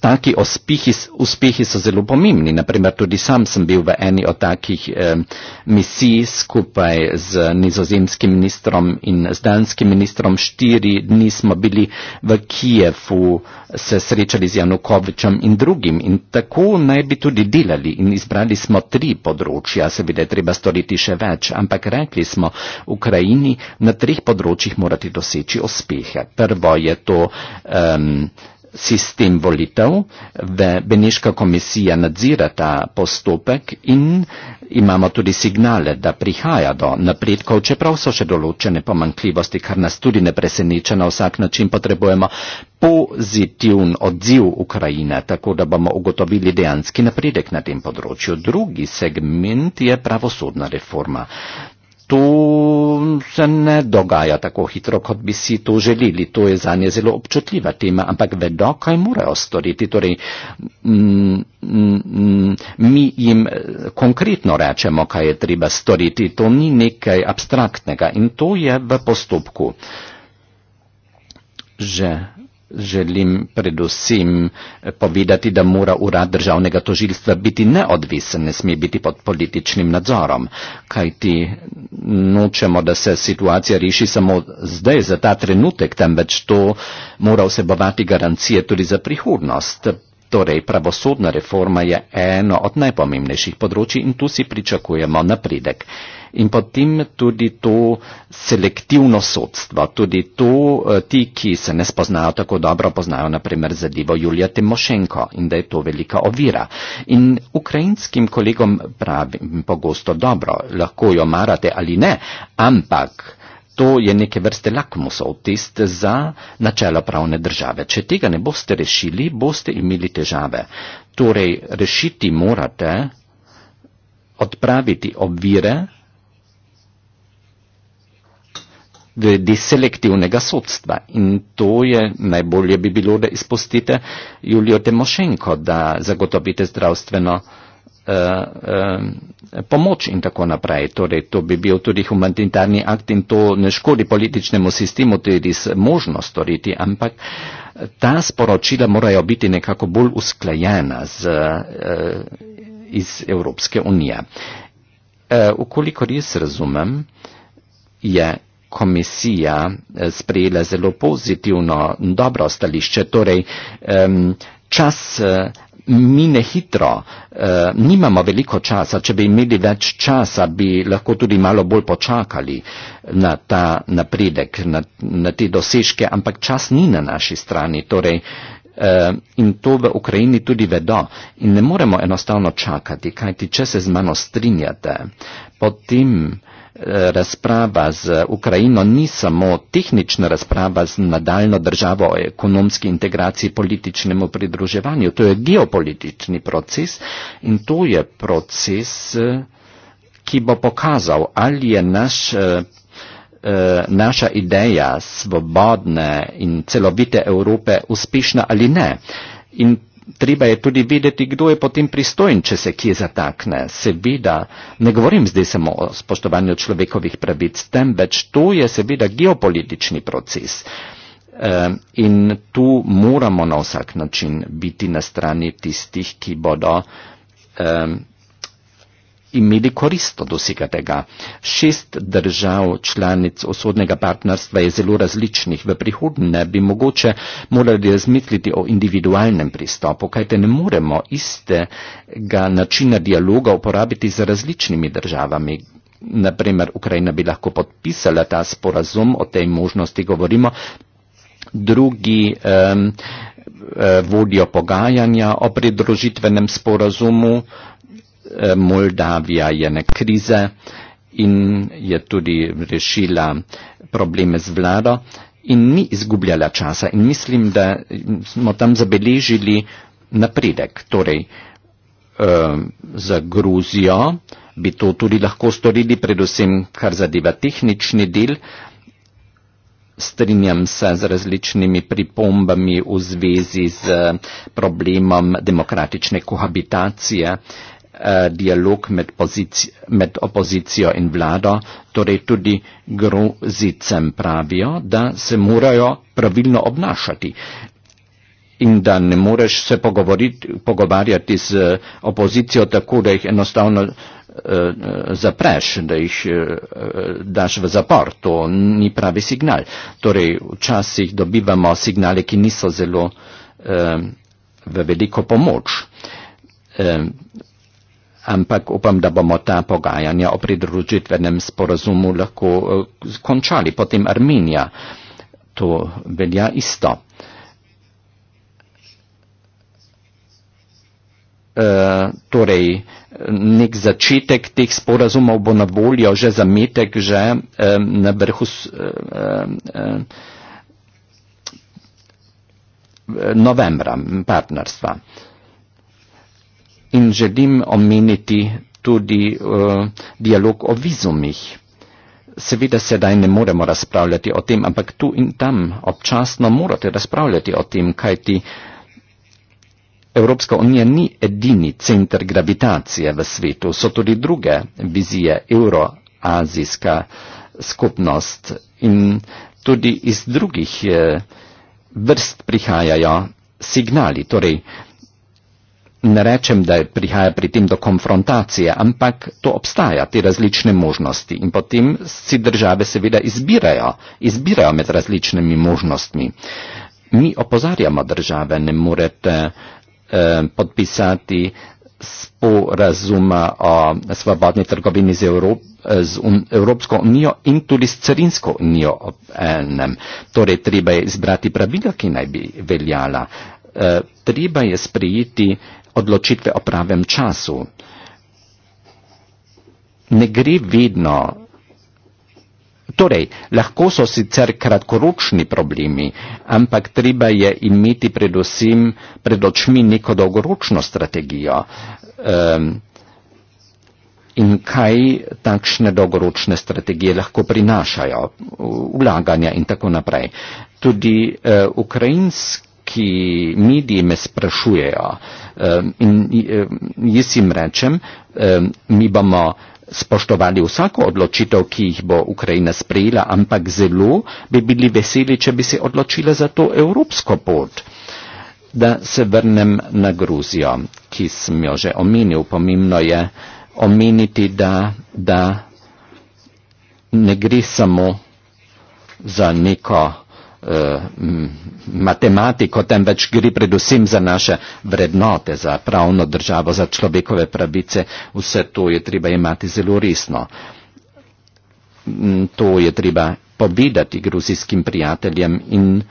Taki uspehi, uspehi so zelo pomembni. Naprimer, tudi sam sem bil v eni od takih eh, misij skupaj z nizozemskim ministrom in z danskim ministrom. Štiri dni smo bili v Kijevu, se srečali z Janukovičem in drugim in tako naj bi tudi delali. In izbrali smo tri področja, seveda je treba storiti še več, ampak rekli smo, v Ukrajini na treh področjih morate doseči uspehe. Prvo je to. Eh, sistem volitev, beniška komisija nadzira ta postopek in imamo tudi signale, da prihaja do napredkov, čeprav so še določene pomankljivosti, kar nas tudi ne preseneča na vsak način, potrebujemo pozitivn odziv Ukrajine, tako da bomo ugotovili dejanski napredek na tem področju. Drugi segment je pravosodna reforma tu se ne dogaja tako hitro, kot bi si to želeli. To je za nje zelo občutljiva tema, ampak vedo, kaj morajo storiti. Torej, m, mm, m, m, mi jim eh, konkretno rečemo, kaj je treba storiti. To ni nekaj abstraktnega in to je v postopku. Že želim predvsem eh, povedati, da mora urad državnega tožilstva biti neodvisen, ne sme biti pod političnim nadzorom, kajti nočemo, da se situacija reši samo zdaj, za ta trenutek, temveč to mora vsebovati garancije tudi za prihodnost. Torej, pravosodna reforma je eno od najpomembnejših področji in tu si pričakujemo napredek. In potem tudi to selektivno sodstvo, tudi to eh, ti, ki se ne spoznajo tako dobro, poznajo naprimer zadevo Julija Timošenko in da je to velika ovira. In ukrajinskim kolegom pravim pogosto dobro, lahko jo marate ali ne, ampak To je neke vrste lakmusov test za načela pravne države. Če tega ne boste rešili, boste imeli težave. Torej, rešiti morate, odpraviti ovire glede selektivnega sodstva. In to je, najbolje bi bilo, da izpustite Julijo Temošenko, da zagotovite zdravstveno. Eh, eh, pomoč in tako naprej. Torej, to bi bil tudi humanitarni akt in to ne škodi političnemu sistemu tudi možnost storiti, ampak ta sporočila morajo biti nekako bolj usklajena z, eh, iz Evropske unije. Ukoliko jaz razumem, je komisija sprejela zelo pozitivno in dobro stališče, torej čas mine hitro, uh, nimamo veliko časa, če bi imeli več časa, bi lahko tudi malo bolj počakali na ta napredek, na, na te dosežke, ampak čas ni na naši strani. Torej, eh, In to v Ukrajini tudi vedo. In ne moremo enostavno čakati, kajti če se z mano strinjate, potem razprava z Ukrajino ni samo tehnična razprava z nadaljno državo o ekonomski integraciji, političnemu pridruževanju, to je geopolitični proces in to je proces, eh, ki bo pokazal, ali je naš, eh, eh, naša ideja svobodne in celovite Evrope uspešna ali ne. In treba je tudi videti, kdo je potem pristojen, če se kje zatakne. Seveda, ne govorim zdaj samo o spoštovanju človekovih pravic, temveč to je seveda geopolitični proces. In tu moramo na vsak način biti na strani tistih, ki bodo imeli korist od vsega tega. Šest držav članic osodnega partnerstva je zelo različnih. V prihodnje bi mogoče morali razmisliti o individualnem pristopu, kajte ne moremo istega načina dialoga uporabiti z različnimi državami. Naprimer, Ukrajina bi lahko podpisala ta sporazum, o tej možnosti govorimo. Drugi um, eh, vodijo pogajanja o pridružitvenem sporazumu. Eh, Moldavija je ne krize in je tudi rešila probleme z vlado in ni izgubljala časa. In mislim, da smo tam zabeležili napredek. Torej, eh, za Gruzijo bi to tudi lahko storili, predvsem kar zadeva tehnični del. Strinjam se z različnimi pripombami v zvezi z problemom demokratične kohabitacije. Eh, eh, dialog med, med opozicijo in vlado, torej tudi grozicem pravijo, da se morajo pravilno obnašati in da ne moreš se pogovarjati z opozicijo tako, da jih enostavno eh, zapreš, da jih eh, daš v zapor. To ni pravi signal. Torej včasih dobivamo signale, ki niso zelo eh, v veliko pomoč. Eh, ampak upam, da bomo ta pogajanja o pridružitvenem sporazumu lahko eh, končali. Potem Armenija. To velja isto. Eh, torej, nek začetek teh sporazumov bo na voljo že za metek, že eh, na vrhu novembra partnerstva in želim omeniti tudi uh, dialog o vizumih. Seveda sedaj ne moremo razpravljati o tem, ampak tu in tam občasno morate razpravljati o tem, kaj ti Evropska unija ni edini center gravitacije v svetu, so tudi druge vizije, euroazijska skupnost in tudi iz drugih eh, vrst prihajajo signali. Torej, ne rečem, da prihaja pri tem do konfrontacije, ampak to obstaja, te različne možnosti in potem si države seveda izbirajo, izbirajo med različnimi možnostmi. Mi opozarjamo države, ne morete eh, podpisati sporazuma o svobodni trgovini z, Evrop, z un, Evropsko unijo in tudi s carinsko unijo ob enem. Torej, treba je izbrati pravila, ki naj bi veljala. Eh, treba je sprejeti eh, odločitve o pravem času. Ne gre vedno. Torej, lahko so sicer kratkoročni problemi, ampak treba je imeti predvsem pred očmi neko dolgoročno strategijo. Um, in kaj takšne dolgoročne strategije lahko prinašajo, vlaganja in tako naprej. Tudi uh, ukrajinski ki mediji me sprašujejo in jaz jim rečem, mi bomo spoštovali vsako odločitev, ki jih bo Ukrajina sprejela, ampak zelo bi bili veseli, če bi se odločila za to evropsko pot. Da se vrnem na Gruzijo, ki sem jo že omenil, pomembno je omeniti, da, da ne gre samo za neko Eh, matematiko, temveč gre predvsem za naše vrednote, za pravno državo, za človekove pravice. Vse to je treba imati zelo resno. To je treba povedati gruzijskim prijateljem in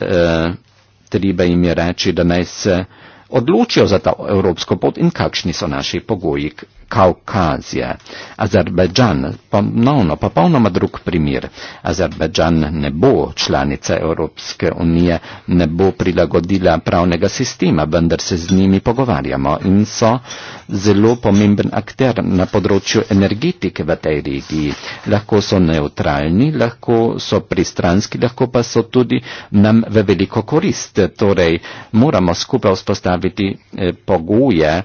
eh, treba jim je reči, da naj se eh, odločijo za to evropsko pot in kakšni so naši pogoji Kaukazije. Azerbajdžan, ponovno, popolnoma drug primer. Azerbajdžan ne bo članica Evropske unije, ne bo prilagodila pravnega sistema, vendar se z njimi pogovarjamo in so zelo pomemben akter na področju energetike v tej regiji. Lahko so neutralni, lahko so pristranski, lahko pa so tudi nam v veliko korist. Torej, moramo skupaj vzpostaviti postaviti eh, poguje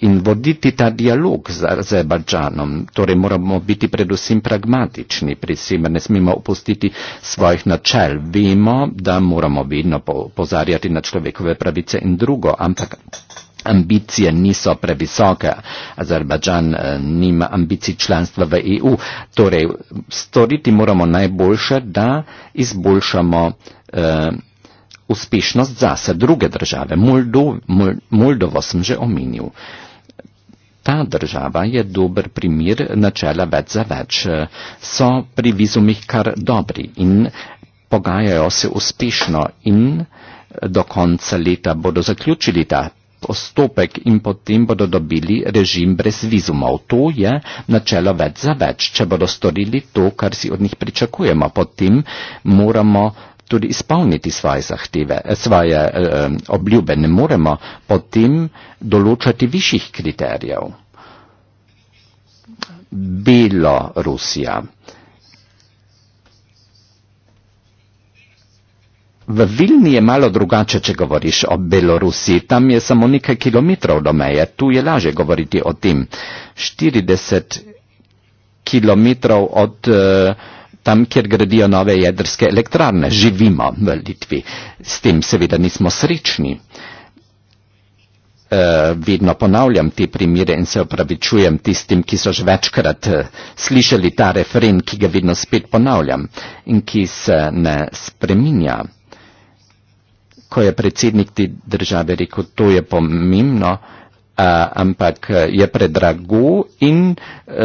in voditi ta dialog z Azerbajdžanom. Torej moramo biti predvsem pragmatični pri sebi, ne smemo opustiti svojih načel. Vemo, da moramo vedno pozarjati na človekove pravice in drugo, ampak ambicije niso previsoke. Azerbajdžan eh, nima ambicij članstva v EU. Torej, storiti moramo najboljše, da izboljšamo eh, uspešnost zase druge države. Moldov, Moldovo sem že omenil. Ta država je dober primer načela več za več. So pri vizumih kar dobri in pogajajo se uspešno in do konca leta bodo zaključili ta postopek in potem bodo dobili režim brez vizumov. To je načelo več za več. Če bodo storili to, kar si od njih pričakujemo, potem moramo tudi izpolniti svoje zahteve, eh, svoje eh, eh, obljube. Ne moremo potem določati višjih kriterijev. Bilo Rusija. V Vilni je malo drugače, če govoriš o Belorusiji. Tam je samo nekaj kilometrov do meje. Tu je laže govoriti o tem. 40 kilometrov od. Eh, tam, kjer gradijo nove jedrske elektrarne. Živimo v Litvi. S tem seveda nismo srečni. Uh, vedno ponavljam te primere in se opravičujem tistim, ki so že večkrat uh, slišali ta referen, ki ga vedno spet ponavljam in ki se ne spreminja. Ko je predsednik te države rekel, to je pomembno, uh, ampak e, je predrago in e,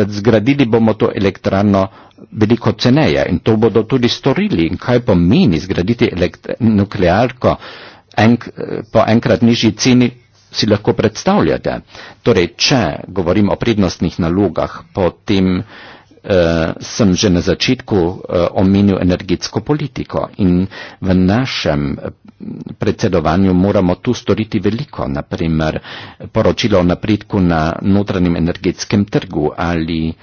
zgradili bomo to elektrarno veliko ceneje in to bodo tudi storili. In kaj pomeni zgraditi nuklearko enk, po enkrat nižji ceni, si lahko predstavljate. Torej, če govorim o prednostnih nalogah, potem. Uh, eh, sem že na začetku eh, omenil energetsko politiko in v našem eh, predsedovanju moramo tu storiti veliko, naprimer poročilo o napredku na notranjem energetskem trgu ali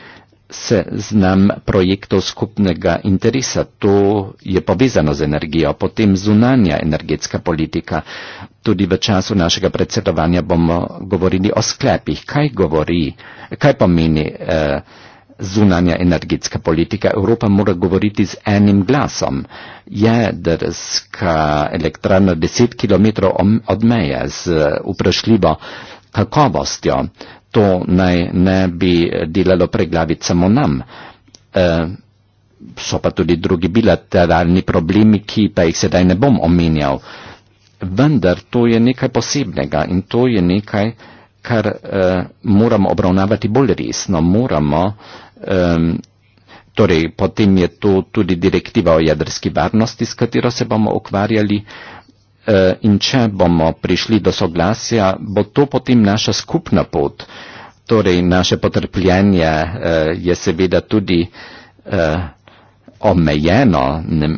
se znam projektov skupnega interesa, to je povezano z energijo, potem zunanja energetska politika. Tudi v času našega predsedovanja bomo govorili o sklepih, kaj govori, kaj pomeni. Eh, zunanja energetska politika Evropa mora govoriti z enim glasom. Jedrska elektrarna 10 km od meje z uh, vprašljivo kakovostjo, to naj ne bi delalo preglaviti samo nam. E, so pa tudi drugi bilateralni problemi, ki pa jih sedaj ne bom omenjal. Vendar to je nekaj posebnega in to je nekaj, kar eh, moramo obravnavati bolj resno. Moramo, eh, torej, potem je to tudi direktiva o jedrski varnosti, s katero se bomo ukvarjali eh, in če bomo prišli do soglasja, bo to potem naša skupna pot. Torej, naše potrpljenje eh, je seveda tudi eh, omejeno. Ne,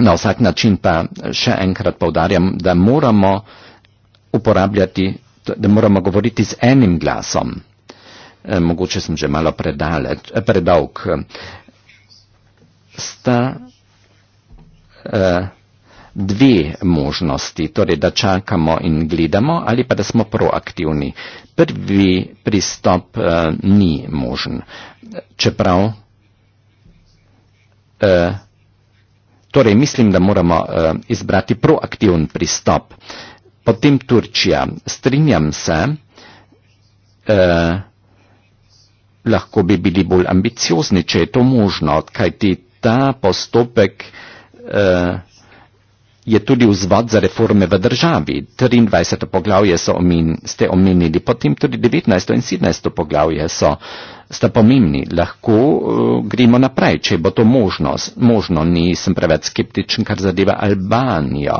na vsak način pa še enkrat povdarjam, da moramo uporabljati da moramo govoriti z enim glasom. E, mogoče sem že malo predaleč, e, predolg. Sta e, dve možnosti, torej da čakamo in gledamo ali pa da smo proaktivni. Prvi pristop ni možen. Čeprav. Torej, mislim, da moramo izbrati proaktivn pristop. Potem Turčija. Strinjam se, eh, lahko bi bili bolj ambiciozni, če je to možno, kajti ta postopek eh, je tudi vzvod za reforme v državi. 23. poglavje omen, ste omenili, potem tudi 19. in 17. poglavje so. Eh, sta pomembni, lahko eh, gremo naprej, če bo to možno. Možno nisem preveč skeptičen, kar zadeva Albanijo.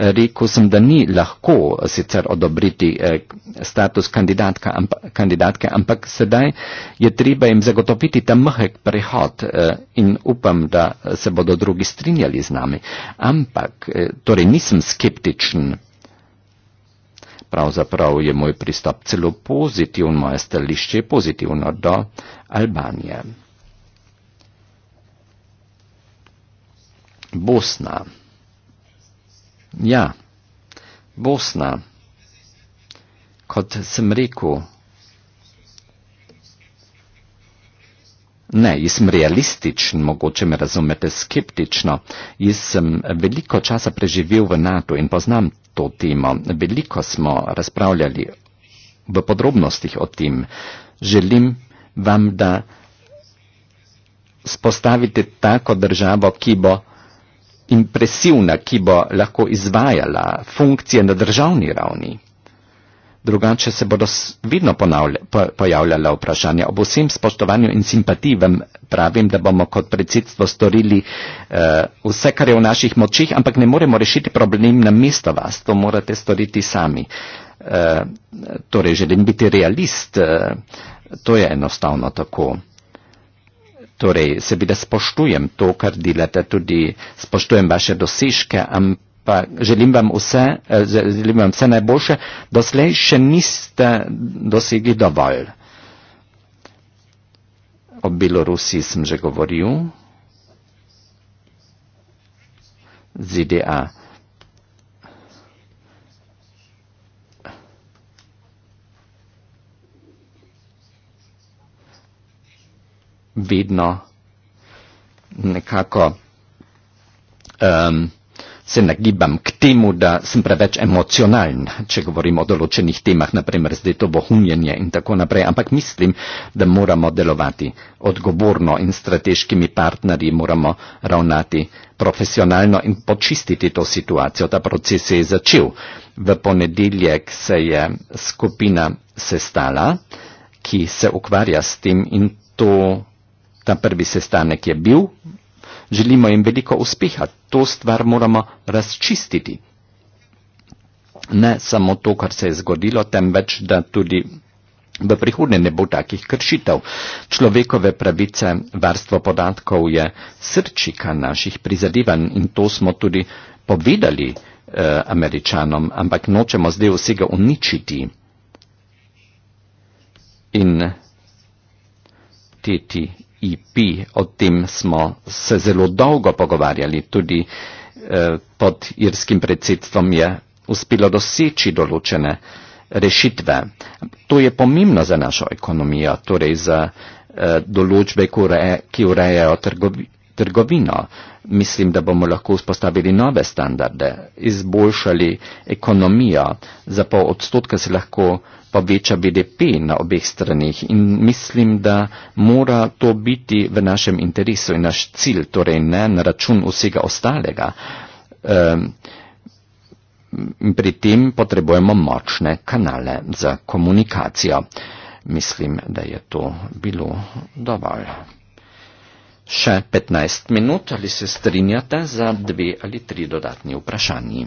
Rekl sem, da ni lahko sicer odobriti eh, status kandidatke, ampak sedaj je treba jim zagotoviti ta mehek prehod eh, in upam, da se bodo drugi strinjali z nami. Ampak, torej nisem skeptičen pravzaprav je moj pristop celo pozitiven, moje stališče je pozitivno do Albanije. Bosna. Ja, Bosna. Kot sem rekel, ne, jaz sem realističen, mogoče me razumete skeptično. Jaz sem veliko časa preživel v NATO in poznam to temo. Veliko smo razpravljali v podrobnostih o tem. Želim vam, da spostavite tako državo, ki bo impresivna, ki bo lahko izvajala funkcije na državni ravni drugače se bodo vidno pojavljala vprašanja. Ob vsem spoštovanju in simpatiji vam pravim, da bomo kot predsedstvo storili uh, vse, kar je v naših močih, ampak ne moremo rešiti problem na mesto vas, to morate storiti sami. Uh, torej, želim biti realist, uh, to je enostavno tako. Torej, seveda spoštujem to, kar delate, tudi spoštujem vaše dosežke, ampak pa želim vam vse, eh, želim vam vse najboljše, doslej še niste dosegli dovolj. O Belorusiji sem že govoril, ZDA. vedno nekako um, se nagibam k temu, da sem preveč emocionalen, če govorim o določenih temah, naprimer zdaj to bohunjenje in tako naprej, ampak mislim, da moramo delovati odgovorno in strateškimi partnerji, moramo ravnati profesionalno in počistiti to situacijo. Ta proces se je začel. V ponedeljek se je skupina sestala, ki se ukvarja s tem in to. Ta prvi sestanek je bil, želimo jim veliko uspeha. To stvar moramo razčistiti. Ne samo to, kar se je zgodilo, temveč da tudi v prihodnje ne bo takih kršitev. Človekove pravice, varstvo podatkov je srčika naših prizadevanj in to smo tudi povedali eh, američanom, ampak nočemo zdaj vsega uničiti. In te ti EP, o tem smo se zelo dolgo pogovarjali, tudi eh, pod irskim predsedstvom je uspelo doseči določene rešitve. To je pomembno za našo ekonomijo, torej za eh, določbe, ki urejajo trgovino trgovino. Mislim, da bomo lahko vzpostavili nove standarde, izboljšali ekonomijo, za pol odstotka se lahko poveča BDP na obeh stranih in mislim, da mora to biti v našem interesu in naš cilj, torej ne na račun vsega ostalega. Um, pri tem potrebujemo močne kanale za komunikacijo. Mislim, da je to bilo dovolj še 15 minut, ali se strinjate za dve ali tri dodatni vprašanji.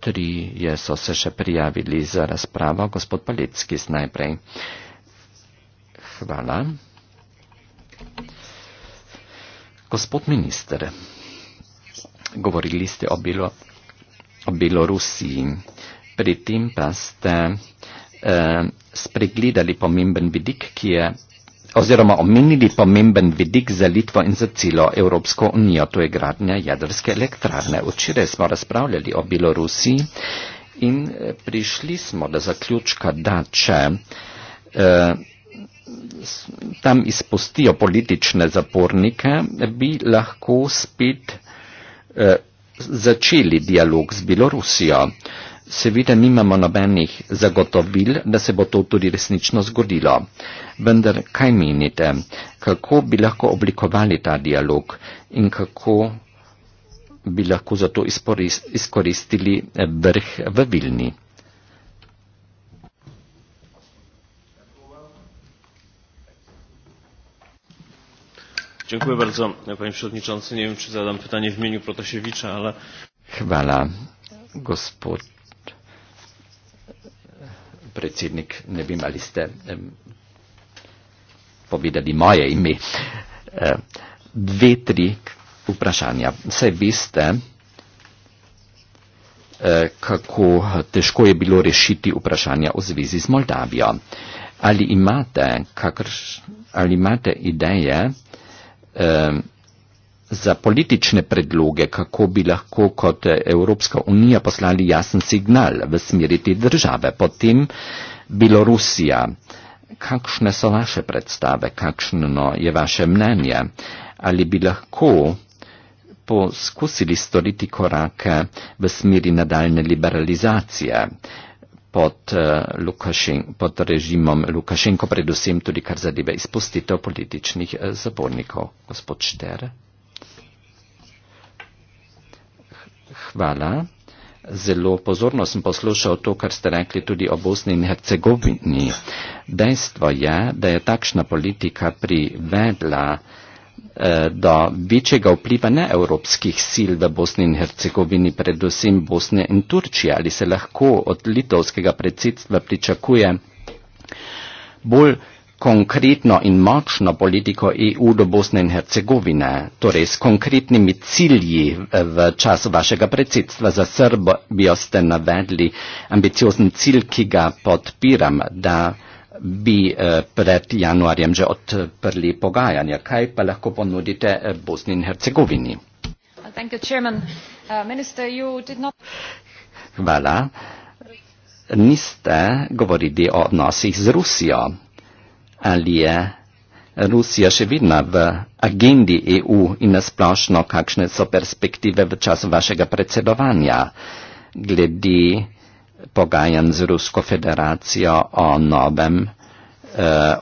Tri je so se še prijavili za razpravo. Gospod Paletski, najprej. Hvala. Gospod minister, govorili ste o, Bilo, o Belorusiji, pri tem pa ste eh, spregledali pomemben vidik, ki je oziroma omenili pomemben vidik za Litvo in za celo Evropsko unijo, to je gradnja jedrske elektrarne. Včeraj smo razpravljali o Belorusiji in eh, prišli smo do zaključka, da če eh, tam izpustijo politične zapornike, bi lahko spet eh, začeli dialog z Belorusijo. Seveda nimamo nobenih zagotovil, da se bo to tudi resnično zgodilo. Vendar kaj menite, kako bi lahko oblikovali ta dialog in kako bi lahko za to izkoristili eh, vrh v Vilni? Dziękuję bardzo, panie przewodniczący. Nie wiem, czy zadam pytanie w imieniu Protasiewicza, ale... Chwala, gospod predsjednik, nie wiem, aliście um, powiedzieli moje imię. Um, e, dwie, trzy upraszania. Se wiste, e, kako težko je bilo rešiti vprašanja v zvezi z Moldavijo. Ali imate, kakrš, ali imate ideje, eh, Ehm, za politične predloge, kako bi lahko kot eh, Evropska unija poslali jasen signal v smeri te države. Potem Belorusija. Kakšne so vaše predstave, kakšno je vaše mnenje? Ali bi lahko poskusili storiti korake v smeri nadaljne liberalizacije? pod, eh, pod režimom Lukašenko, predvsem tudi kar zadeva izpustitev političnih eh, zapornikov. Gospod Šter. Hvala. Zelo pozorno sem poslušal to, kar ste rekli tudi o Bosni in Hercegovini. Dejstvo je, da je takšna politika privedla Eh, da večjega vpliva ne evropskih sil v Bosni in Hercegovini, predvsem Bosne in Turčije, ali se lahko od litovskega predsedstva pričakuje bolj konkretno in močno politiko EU do Bosne in Hercegovine, torej s konkretnimi cilji eh, v času vašega predsedstva za Srbijo ste navedli ambiciozen cilj, ki ga podpiram, da bi eh, pred januarjem že odprli pogajanja. Kaj pa lahko ponudite eh, Bosni in Hercegovini? Uh, Hvala. Niste govorili o odnosih z Rusijo. Ali je Rusija še vidna v agendi EU in nasplošno, kakšne so perspektive v času vašega predsedovanja glede pogajanj z Rusko federacijo o novem e,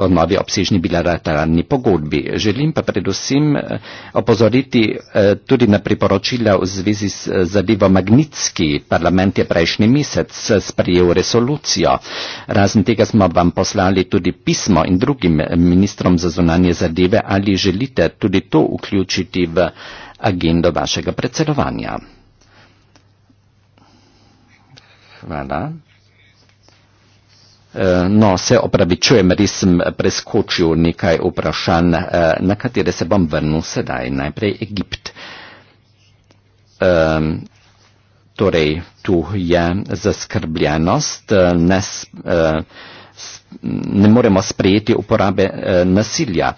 o novi obsežni bilateralni pogodbi. Želim pa predvsem e, opozoriti e, tudi na priporočila v zvezi z zadevo Magnitski. Parlament je prejšnji mesec sprejel resolucijo. Razen tega smo vam poslali tudi pismo in drugim ministrom za zunanje zadeve, ali želite tudi to vključiti v agendo vašega predsedovanja. Hvala. E, no, se opravičujem, res sem preskočil nekaj vprašanj, e, na katere se bom vrnil sedaj. Najprej Egipt. E, torej, tu je zaskrbljenost, ne, ne moremo sprejeti uporabe nasilja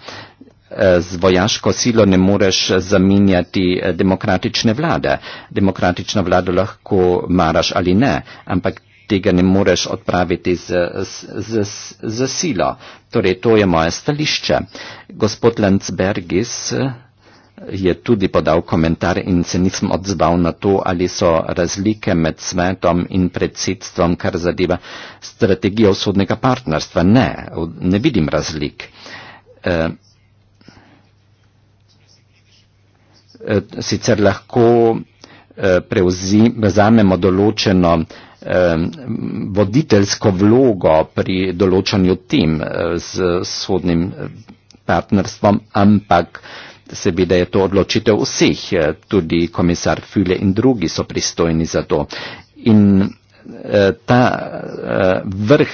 z vojaško silo ne moreš zamenjati eh, demokratične vlade. Demokratično vlado lahko maraš ali ne, ampak tega ne moreš odpraviti z, z, z, z silo. Torej, to je moje stališče. Gospod Landsbergis eh, je tudi podal komentar in se nisem odzval na to, ali so razlike med svetom in predsedstvom, kar zadeva strategijo vzhodnega partnerstva. Ne, ne vidim razlik. Uh, Eh, sicer lahko eh, prevzamemo določeno eh, voditeljsko vlogo pri določanju tem z sodnim partnerstvom, ampak seveda je to odločitev vseh, tudi komisar Füle in drugi so pristojni za to. In ta vrh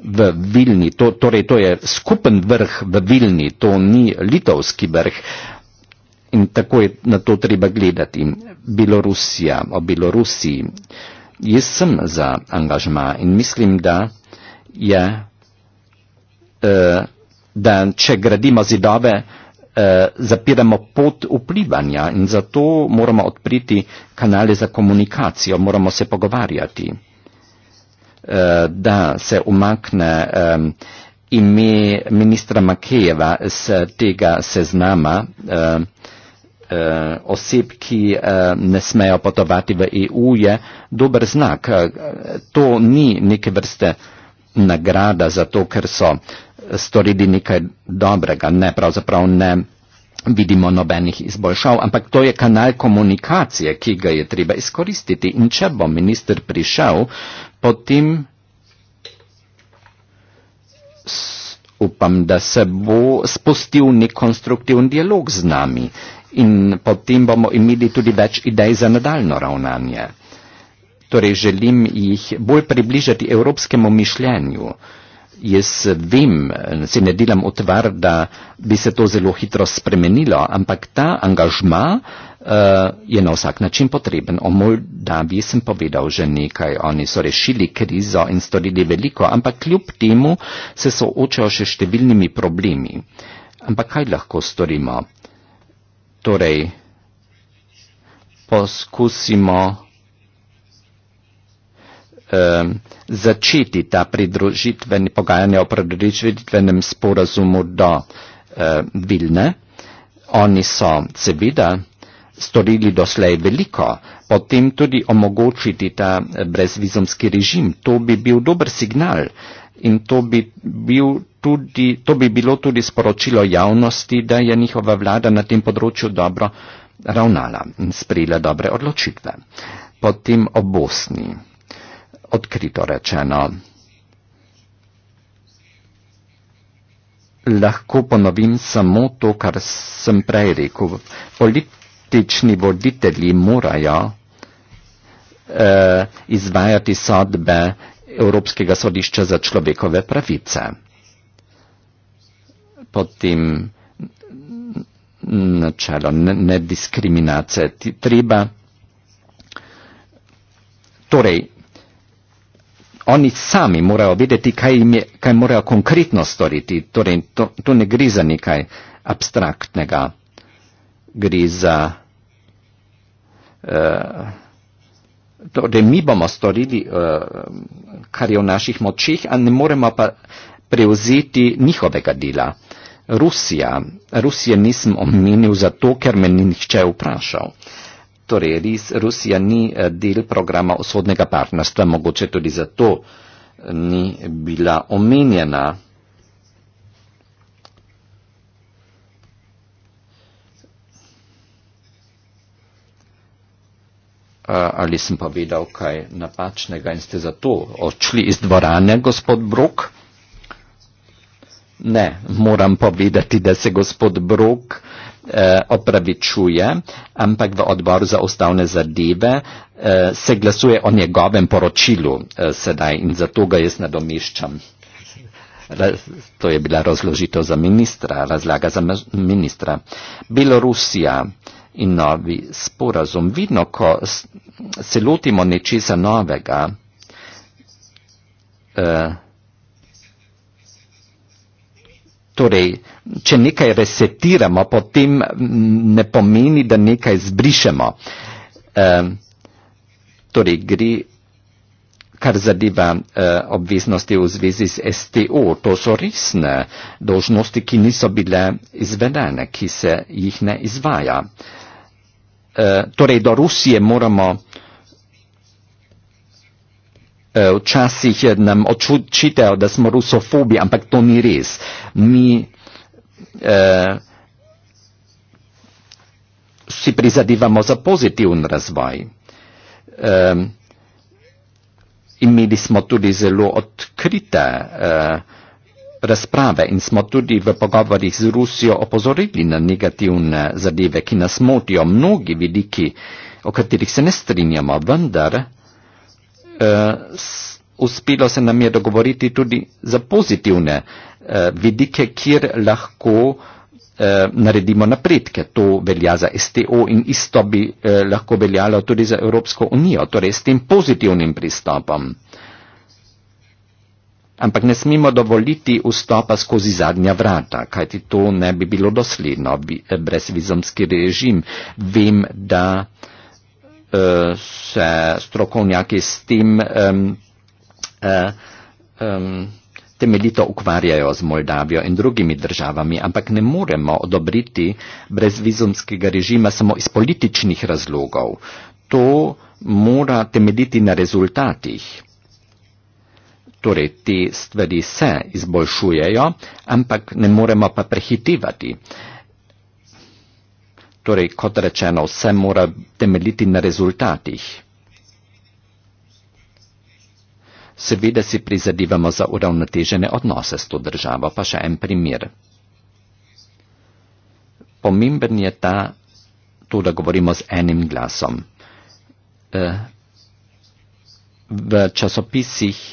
v Vilni, to, torej to je skupen vrh v Vilni, to ni litovski vrh, In tako je na to treba gledati. Bielorusija, o Bielorusiji. Jaz sem za angažma in mislim, da je, eh, da če gradimo zidove, eh, zapiramo pot vplivanja in zato moramo odpriti kanale za komunikacijo, moramo se pogovarjati, eh, da se umakne ime ministra Makejeva z tega seznama. Eh, oseb, ki eh, ne smejo potovati v EU, je dober znak. Eh, to ni neke vrste nagrada za to, ker so storili nekaj dobrega. Ne, pravzaprav ne vidimo nobenih izboljšav, ampak to je kanal komunikacije, ki ga je treba izkoristiti. In če bo minister prišel, potem upam, da se bo spustil nek konstruktivni dialog z nami in potem bomo imeli tudi več idej za nadaljno ravnanje. Torej želim jih bolj približati evropskemu mišljenju. Jaz vem, se ne delam otvar, da bi se to zelo hitro spremenilo, ampak ta angažma uh, je na vsak način potreben. O Moldaviji sem povedal že nekaj, oni so rešili krizo in storili veliko, ampak kljub temu se soočajo še številnimi problemi. Ampak kaj lahko storimo? torej poskusimo um, začeti ta pridružitveni pogajanje o pridružitvenem sporazumu do uh, Vilne. Oni so seveda storili doslej veliko, potem tudi omogočiti ta brezvizumski režim. To bi bil dober signal. Uh, In to bi, bil tudi, to bi bilo tudi sporočilo javnosti, da je njihova vlada na tem področju dobro ravnala in sprejela dobre odločitve. Potem o Bosni. Odkrito rečeno. Lahko ponovim samo to, kar sem prej rekel. Politični voditelji morajo eh, izvajati sodbe Evropskega sodišča za človekove pravice. Potem načelo nediskriminacije treba. Torej, oni sami morajo vedeti, kaj, je, kaj morajo konkretno storiti. Torej, tu ne gre za nekaj abstraktnega. Gre za. Uh, Torej, mi bomo storili, eh, kar je v naših močih, a ne moremo pa prevzeti njihovega dela. Rusija. Rusije nisem omenil zato, ker me ni nihče vprašal. Torej, res, Rusija ni eh, del programa osodnega partnerstva, mogoče tudi zato eh, ni bila omenjena. ali sem povedal kaj napačnega in ste zato odšli iz dvorane, gospod Brok? Ne, moram povedati, da se gospod Brok eh, opravičuje, ampak v odboru za ustavne zadeve eh, se glasuje o njegovem poročilu eh, sedaj in zato ga jaz nadomeščam. To je bila razložitev za ministra, razlaga za ministra. Belorusija. Eh, in novi sporazum. Vidno, ko se lotimo nečesa novega, eh, torej, če nekaj resetiramo, potem mm, ne pomeni, da nekaj zbrišemo. Eh, torej, gre kar zadeva eh, obveznosti v zvezi z STO. To so resne dožnosti, ki niso bile izvedene, ki se jih ne izvaja. Eh, Eh, torej do Rusije moramo eh, včasih eh, nam očitajo, da smo rusofobi, ampak to ni res. Mi eh, si prizadevamo za pozitiven razvoj. Eh, imeli smo tudi zelo odkrite eh, razprave in smo tudi v pogovorjih z Rusijo opozorili na negativne zadeve, ki nas motijo mnogi vidiki, o katerih se ne strinjamo, vendar uh, uspelo se nam je dogovoriti tudi za pozitivne uh, vidike, kjer lahko eh, naredimo napredke. To velja za STO in isto bi eh, lahko veljalo tudi za Evropsko unijo, torej s tem pozitivnim pristopom ampak ne smemo dovoliti vstopa skozi zadnja vrata, kajti to ne bi bilo dosledno, eh, brezvizomski režim. Vem, da eh, se strokovnjaki s tem um, um, temeljito ukvarjajo z Moldavijo in drugimi državami, ampak ne moremo odobriti brezvizumskega režima samo iz političnih razlogov. To mora temeljiti na rezultatih. Torej, te stvari se izboljšujejo, ampak ne moremo pa prehitivati. Torej, kot rečeno, vse mora temeljiti na rezultatih. Seveda si prizadivamo za uravnotežene odnose s to državo, pa še en primer. Pomemben je ta, to, da govorimo z enim glasom. Eh, v časopisih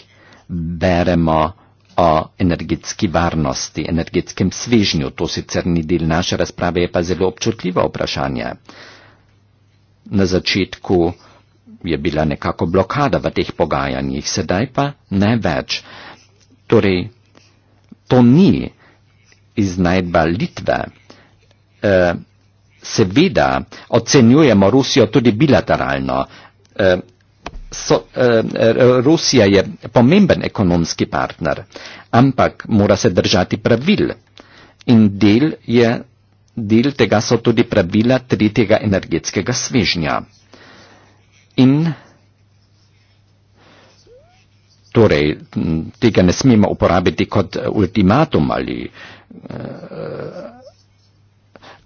beremo o energetski varnosti, energetskem svežnju. To sicer ni del naše razprave, je pa zelo občutljivo vprašanje. Na začetku je bila nekako blokada v teh pogajanjih, sedaj pa ne več. Torej, to ni iznajdba Litve. E, seveda ocenjujemo Rusijo tudi bilateralno. E, so, eh, eh, Rusija je pomemben ekonomski partner, ampak mora se držati pravil. In del, je, del tega so tudi pravila tretjega energetskega svežnja. In torej tega ne smemo uporabiti kot ultimatum ali. Eh,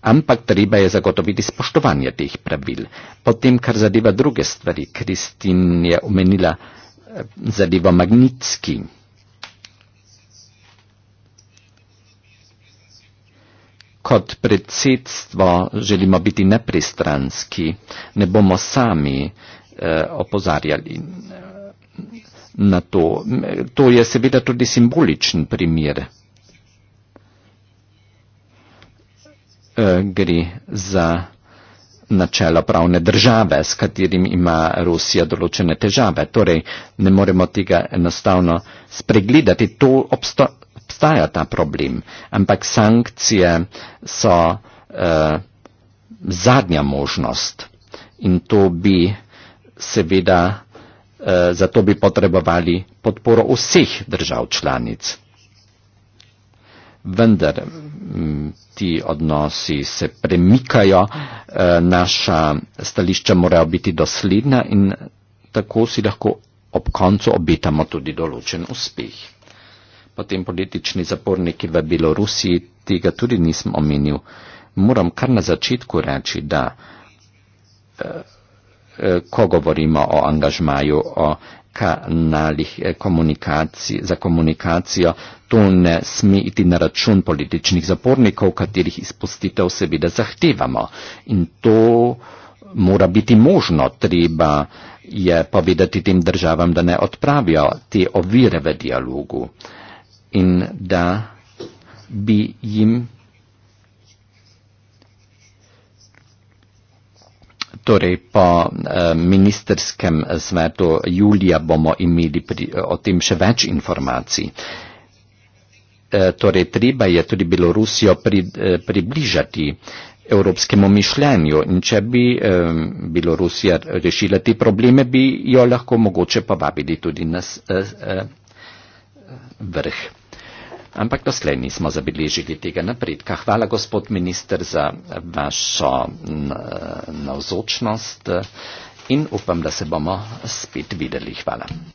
ampak treba je zagotoviti spoštovanje teh pravil. Potem, kar zadeva druge stvari, Kristin je omenila eh, zadevo magnitski. Kot predsedstvo želimo biti nepristranski, ne bomo sami eh, opozarjali eh, na to. To je seveda tudi simboličen primer. Eh, gre za načela pravne države, s katerim ima Rusija določene težave. Torej, ne moremo tega enostavno spregledati. To obstaja ta problem. Ampak sankcije so eh, zadnja možnost in to bi seveda, eh, zato bi potrebovali podporo vseh držav članic vendar mm, ti odnosi se premikajo, eh, naša stališča morajo biti dosledna in tako si lahko ob koncu obetamo tudi določen uspeh. Potem politični zaporniki v Belorusiji, tega tudi nisem omenil. Moram kar na začetku reči, da eh, eh, ko govorimo o angažmaju, o kanalih eh, za komunikacijo. To ne sme iti na račun političnih zapornikov, katerih izpustitev seveda zahtevamo. In to mora biti možno. Treba je povedati tem državam, da ne odpravijo te ovire v dialogu in da bi jim Torej po eh, ministerskem eh, svetu julija bomo imeli pri, eh, o tem še več informacij. Torej treba je tudi Belorusijo pri, približati evropskemu mišljenju in če bi Belorusija rešila te probleme, bi jo lahko mogoče povabili tudi na vrh ampak doslej nismo zabeležili tega napredka. Hvala, gospod minister, za vašo navzočnost eh, in upam, da se bomo spet videli. Hvala.